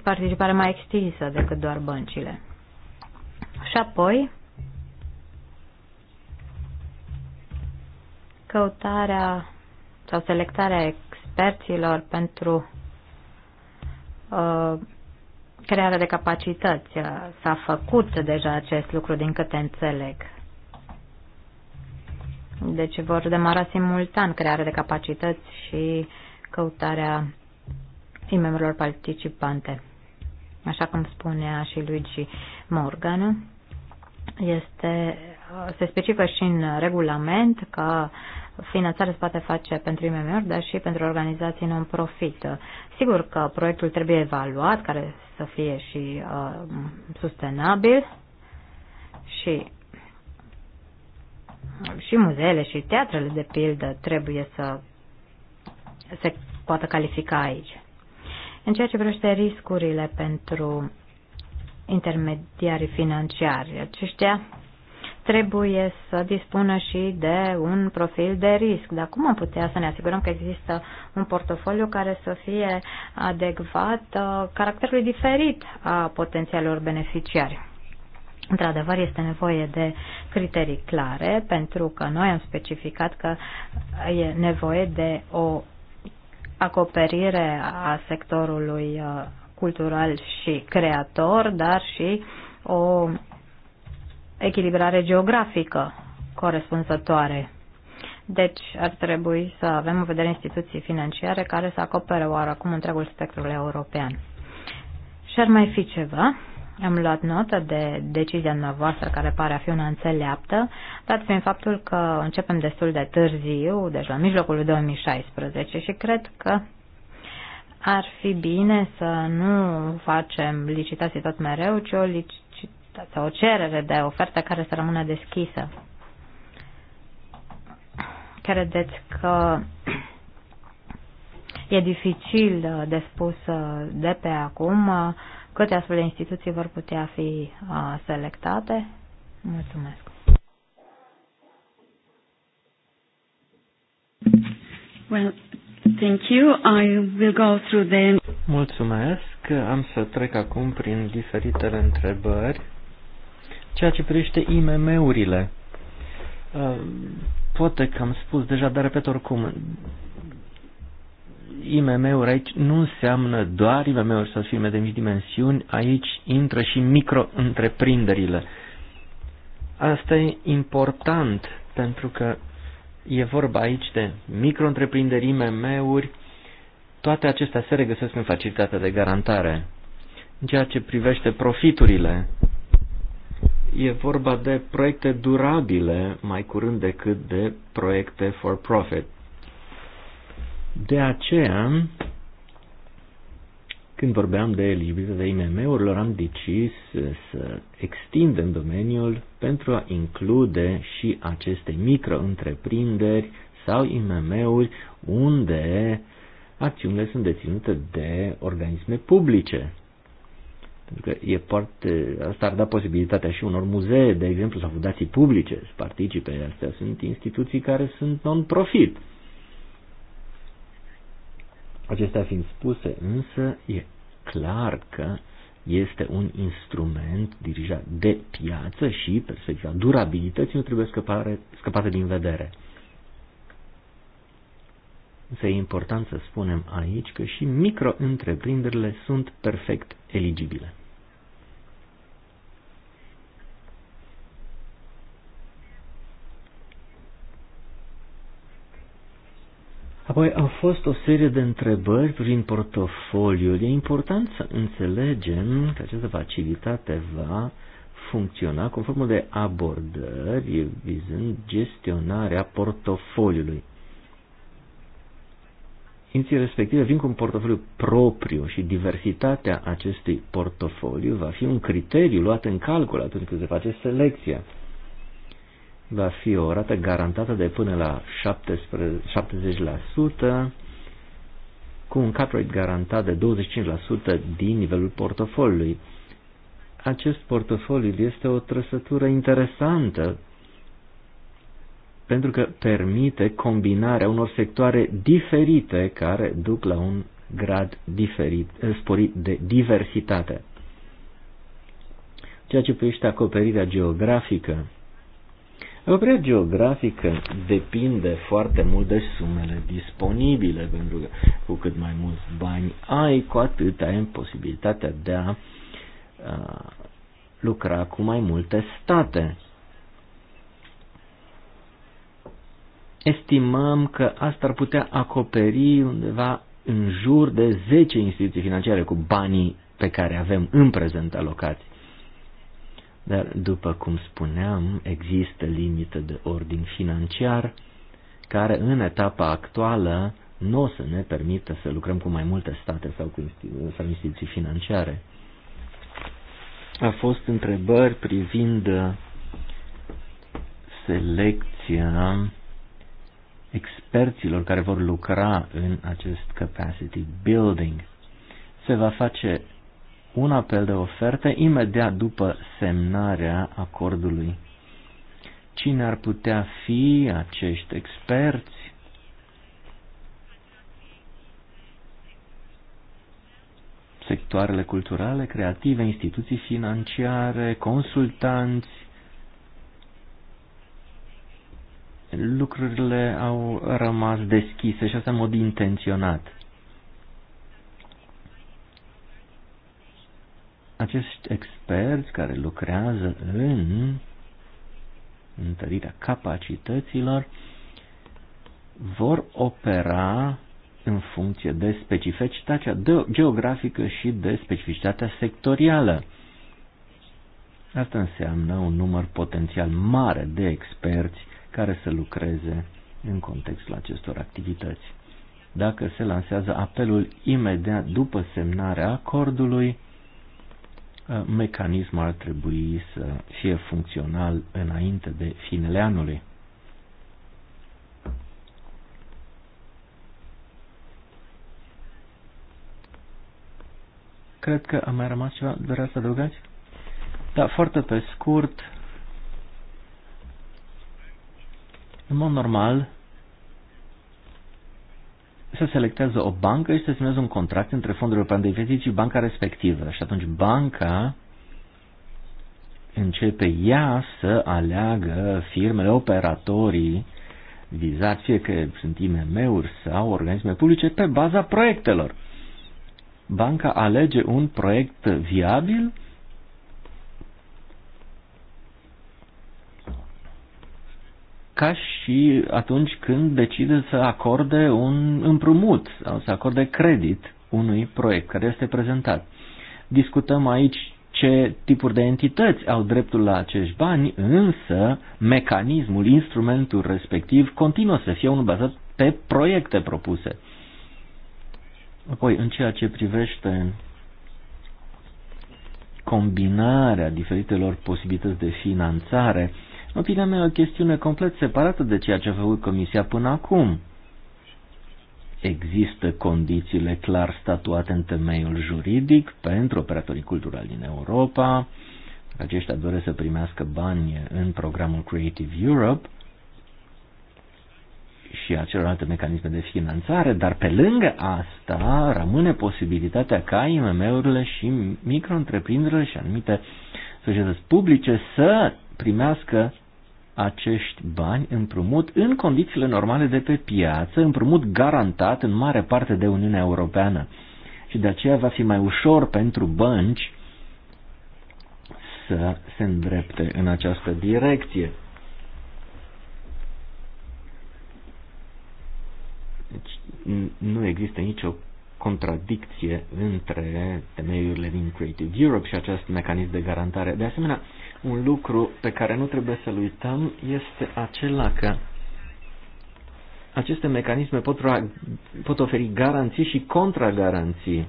participare mai extinsă decât doar băncile. Și apoi căutarea sau selectarea experților pentru Uh, crearea de capacități. Uh, s-a făcut deja acest lucru, din câte înțeleg. Deci vor demara simultan crearea de capacități și căutarea membrilor participante. Așa cum spunea și Luigi Morgan, este, se specifică și în regulament că finanțarea se poate face pentru IMM-uri, dar și pentru organizații non-profit. Sigur că proiectul trebuie evaluat, care să fie și uh, sustenabil și și muzeele și teatrele, de pildă, trebuie să se poată califica aici. În ceea ce privește riscurile pentru intermediarii financiari, aceștia trebuie să dispună și de un profil de risc. Dar cum am putea să ne asigurăm că există un portofoliu care să fie adecvat uh, caracterului diferit a potențialilor beneficiari? Într-adevăr, este nevoie de criterii clare, pentru că noi am specificat că e nevoie de o acoperire a sectorului uh, cultural și creator, dar și o echilibrare geografică corespunzătoare. Deci ar trebui să avem în vedere instituții financiare care să acopere oarecum întregul spectrul european. Și ar mai fi ceva. Am luat notă de decizia noastră care pare a fi una înțeleaptă, dat fiind faptul că începem destul de târziu, deci la mijlocul 2016 și cred că ar fi bine să nu facem licitații tot mereu, ci o licitație sau o cerere de ofertă care să rămână deschisă. Credeți că e dificil de spus uh, de pe acum uh, câte astfel de instituții vor putea fi uh, selectate? Mulțumesc. Well, thank you. I will go through the... Mulțumesc. Am să trec acum prin diferitele întrebări. Ceea ce privește IMM-urile, uh, poate că am spus deja, dar repet oricum, IMM-uri aici nu înseamnă doar IMM-uri sau firme de mici dimensiuni, aici intră și micro-întreprinderile. Asta e important pentru că e vorba aici de micro-întreprinderi, IMM-uri, toate acestea se regăsesc în facilitatea de garantare. În ceea ce privește profiturile, E vorba de proiecte durabile mai curând decât de proiecte for profit. De aceea, când vorbeam de de IMM-urilor, am decis să extindem domeniul pentru a include și aceste micro-întreprinderi sau IMM-uri unde acțiunile sunt deținute de organisme publice. Pentru că e foarte, asta ar da posibilitatea și unor muzee, de exemplu, sau fundații publice să participe. Astea sunt instituții care sunt non-profit. Acestea fiind spuse, însă, e clar că este un instrument dirijat de piață și perspectiva durabilității nu trebuie scăpare, scăpată din vedere. Însă e important să spunem aici că și micro-întreprinderile sunt perfect eligibile. Apoi au fost o serie de întrebări prin portofoliu. E important să înțelegem că această facilitate va funcționa conform de abordări vizând gestionarea portofoliului. Inții respective vin cu un portofoliu propriu și diversitatea acestui portofoliu va fi un criteriu luat în calcul atunci când se face selecția va fi o rată garantată de până la 17, 70%, cu un cap rate garantat de 25% din nivelul portofoliului. Acest portofoliu este o trăsătură interesantă pentru că permite combinarea unor sectoare diferite care duc la un grad diferit, eh, sporit de diversitate. Ceea ce privește acoperirea geografică, Oprirea geografică depinde foarte mult de sumele disponibile, pentru că cu cât mai mulți bani ai, cu atât ai posibilitatea de a, a lucra cu mai multe state. Estimăm că asta ar putea acoperi undeva în jur de 10 instituții financiare cu banii pe care avem în prezent alocați. Dar, după cum spuneam, există limită de ordin financiar care în etapa actuală nu o să ne permită să lucrăm cu mai multe state sau cu instituții, sau instituții financiare. A fost întrebări privind uh, selecția experților care vor lucra în acest capacity building. Se va face un apel de ofertă imediat după semnarea acordului. Cine ar putea fi acești experți? sectoarele culturale, creative, instituții financiare, consultanți. Lucrurile au rămas deschise și asta în mod intenționat. acești experți care lucrează în întărirea capacităților vor opera în funcție de specificitatea geografică și de specificitatea sectorială. Asta înseamnă un număr potențial mare de experți care să lucreze în contextul acestor activități. Dacă se lansează apelul imediat după semnarea acordului, Uh, mecanismul ar trebui să fie funcțional înainte de finele anului. Cred că a mai rămas ceva, dorea să adăugați? Da, foarte pe scurt. În mod normal, se selectează o bancă și se semnează un contract între Fondul European de Investiții și banca respectivă. Și atunci banca începe ea să aleagă firmele, operatorii vizați, fie că sunt IMM-uri sau organisme publice, pe baza proiectelor. Banca alege un proiect viabil ca și atunci când decide să acorde un împrumut sau să acorde credit unui proiect care este prezentat. Discutăm aici ce tipuri de entități au dreptul la acești bani, însă mecanismul, instrumentul respectiv continuă să fie unul bazat pe proiecte propuse. Apoi, în ceea ce privește combinarea diferitelor posibilități de finanțare, Opinia mea e o chestiune complet separată de ceea ce a făcut Comisia până acum. Există condițiile clar statuate în temeiul juridic pentru operatorii culturali din Europa, aceștia doresc să primească bani în programul Creative Europe și a celorlalte mecanisme de finanțare, dar pe lângă asta rămâne posibilitatea ca IMM-urile și micro și anumite societăți publice să primească acești bani împrumut în condițiile normale de pe piață, împrumut garantat în mare parte de Uniunea Europeană. Și de aceea va fi mai ușor pentru bănci să se îndrepte în această direcție. Deci nu există nicio contradicție între temeiurile din Creative Europe și acest mecanism de garantare. De asemenea, un lucru pe care nu trebuie să-l uităm este acela că aceste mecanisme pot, pot oferi garanții și contragaranții.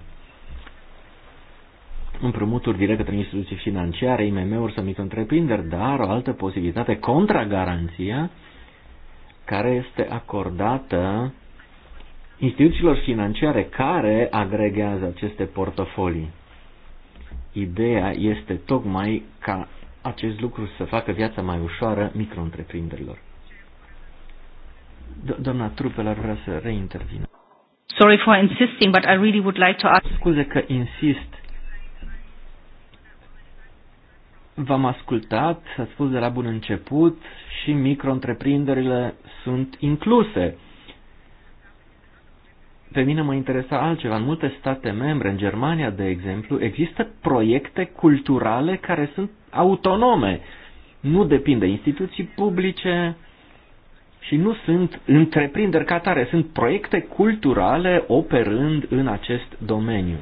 Împrumuturi direct către instituții financiare, IMM-uri sau micro-întreprinderi, dar o altă posibilitate, contragaranția, care este acordată instituțiilor financiare care agregează aceste portofolii. Ideea este tocmai ca acest lucru să facă viața mai ușoară micro-întreprinderilor. Do Doamna Trupel ar vrea să reintervină. Sorry for insisting, but I really would like to ask... Scuze că insist. V-am ascultat, a spus de la bun început și micro-întreprinderile sunt incluse. Pe mine mă interesa altceva. În multe state membre, în Germania, de exemplu, există proiecte culturale care sunt autonome, nu depind de instituții publice și nu sunt întreprinderi ca tare, sunt proiecte culturale operând în acest domeniu.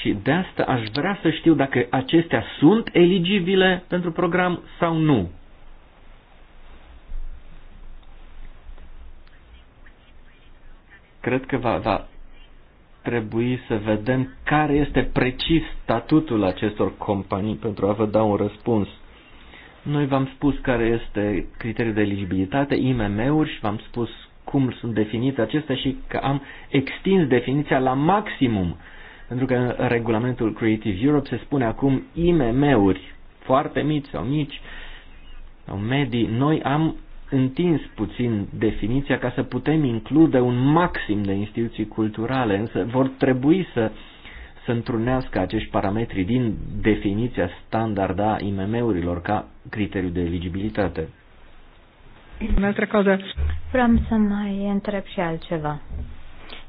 Și de asta aș vrea să știu dacă acestea sunt eligibile pentru program sau nu. Cred că va, va trebui să vedem care este precis statutul acestor companii pentru a vă da un răspuns. Noi v-am spus care este criteriul de eligibilitate, IMM-uri și v-am spus cum sunt definite acestea și că am extins definiția la maximum. Pentru că în regulamentul Creative Europe se spune acum IMM-uri, foarte mici sau mici, sau medii. Noi am întins puțin definiția ca să putem include un maxim de instituții culturale, însă vor trebui să, să întrunească acești parametri din definiția standard a IMM-urilor ca criteriu de eligibilitate. Vreau să mai întreb și altceva.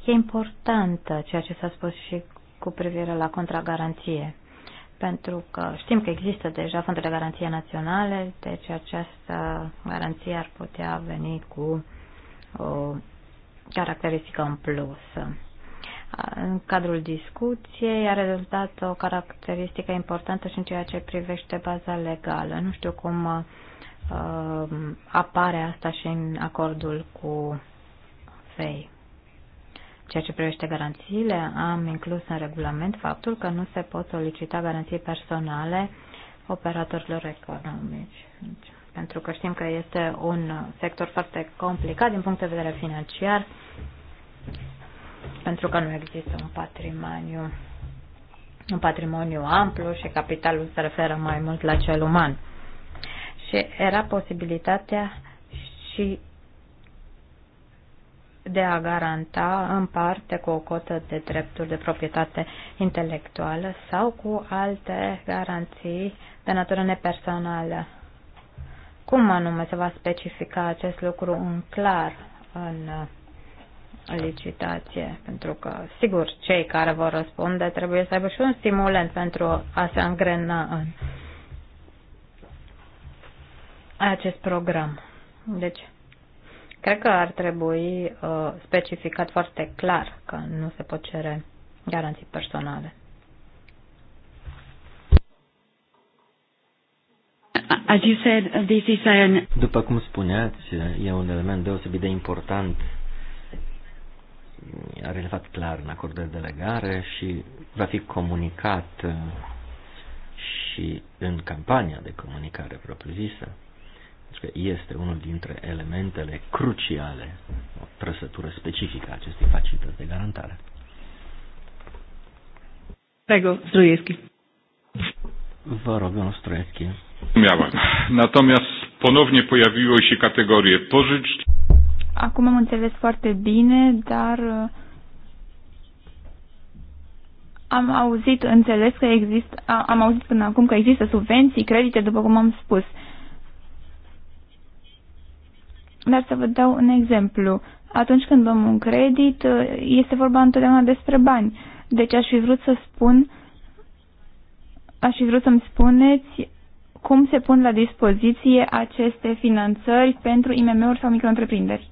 E important ceea ce s-a spus și cu privire la contragaranție pentru că știm că există deja fonduri de garanție naționale, deci această garanție ar putea veni cu o caracteristică în plus. În cadrul discuției a rezultat o caracteristică importantă și în ceea ce privește baza legală. Nu știu cum uh, apare asta și în acordul cu FEI ceea ce privește garanțiile, am inclus în regulament faptul că nu se pot solicita garanții personale operatorilor economici. Deci, pentru că știm că este un sector foarte complicat din punct de vedere financiar, pentru că nu există un patrimoniu, un patrimoniu amplu și capitalul se referă mai mult la cel uman. Și era posibilitatea și de a garanta în parte cu o cotă de drepturi de proprietate intelectuală sau cu alte garanții de natură nepersonală. Cum anume se va specifica acest lucru în clar în uh, licitație? Pentru că, sigur, cei care vor răspunde trebuie să aibă și un stimulant pentru a se angrena în acest program. Deci, Cred că ar trebui uh, specificat foarte clar că nu se pot cere garanții personale. As you said, this is an... După cum spuneați, e un element deosebit de important, a relevat clar în acordul de delegare și va fi comunicat uh, și în campania de comunicare propriu-zisă. Deci că este unul dintre elementele cruciale, o trăsătură specifică a acestei facilități de garantare. Prego, Strujewski. Vă rog, domnul Strujewski. Miałem. Natomiast ponownie pojawiły się kategorie pożycz. Acum am înțeles foarte bine, dar uh, am auzit, înțeles că există, am auzit până acum că există subvenții, credite, după cum am spus. Uh, dar să vă dau un exemplu. Atunci când luăm un credit, este vorba întotdeauna despre bani. Deci aș fi vrut să spun, aș fi vrut să-mi spuneți cum se pun la dispoziție aceste finanțări pentru IMM-uri sau micro-întreprinderi.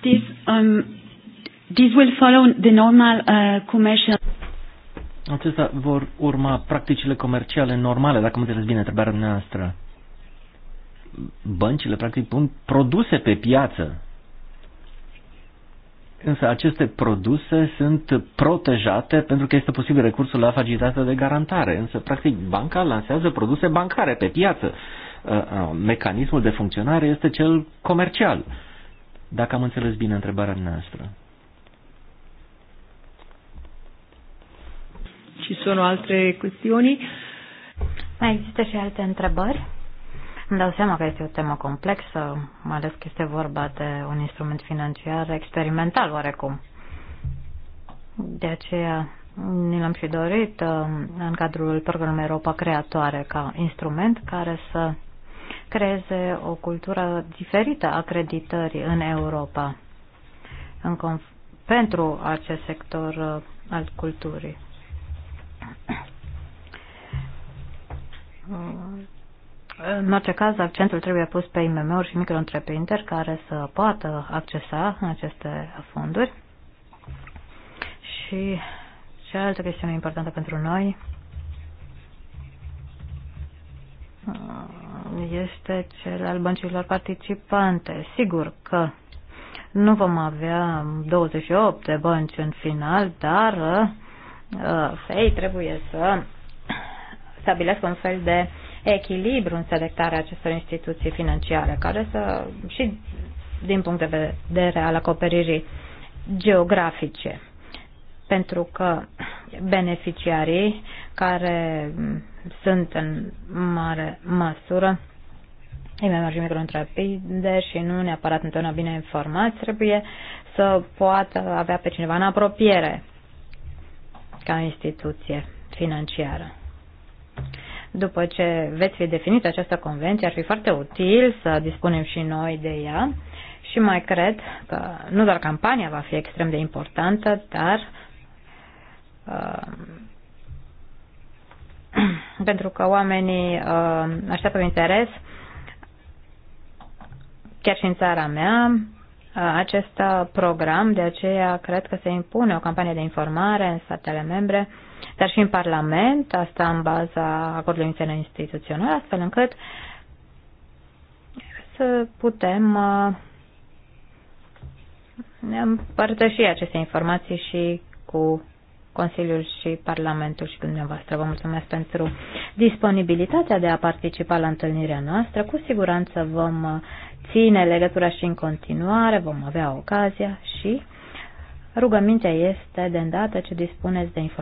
This, um, These will follow the normal uh, commercial Acestea vor urma practicile comerciale normale, dacă mă înțeles bine întrebarea noastră. Băncile, practic, pun produse pe piață. Însă aceste produse sunt protejate pentru că este posibil recursul la facilitatea de garantare. Însă, practic, banca lansează produse bancare pe piață. Uh, uh, mecanismul de funcționare este cel comercial, dacă am înțeles bine întrebarea noastră. ci sono altre questioni. Mai există și alte întrebări? Îmi dau seama că este o temă complexă, mai ales că este vorba de un instrument financiar experimental oarecum. De aceea ni l-am și dorit uh, în cadrul programului Europa Creatoare ca instrument care să creeze o cultură diferită a creditării în Europa în pentru acest sector uh, al culturii. În orice caz, accentul trebuie pus pe IMM-uri și micro care să poată accesa aceste fonduri. Și cealaltă chestiune importantă pentru noi uh, este cel al băncilor participante. Sigur că nu vom avea 28 de bănci în final, dar uh, Uh, FEI trebuie să stabilească un fel de echilibru în selectarea acestor instituții financiare, care să și din punct de vedere al acoperirii geografice, pentru că beneficiarii care sunt în mare măsură IMM și micro și nu neapărat întotdeauna bine informați, trebuie să poată avea pe cineva în apropiere ca instituție financiară. După ce veți fi definit această convenție, ar fi foarte util să dispunem și noi de ea și mai cred că nu doar campania va fi extrem de importantă, dar uh, pentru că oamenii uh, așteaptă interes, chiar și în țara mea, Uh, acest uh, program, de aceea cred că se impune o campanie de informare în statele membre, dar și în Parlament, asta în baza acordului interinstituțional, astfel încât să putem uh, împărtăși aceste informații și cu Consiliul și Parlamentul și cu dumneavoastră. Vă mulțumesc pentru disponibilitatea de a participa la întâlnirea noastră. Cu siguranță vom ține legătura și în continuare, vom avea ocazia și rugămintea este de îndată ce dispuneți de informații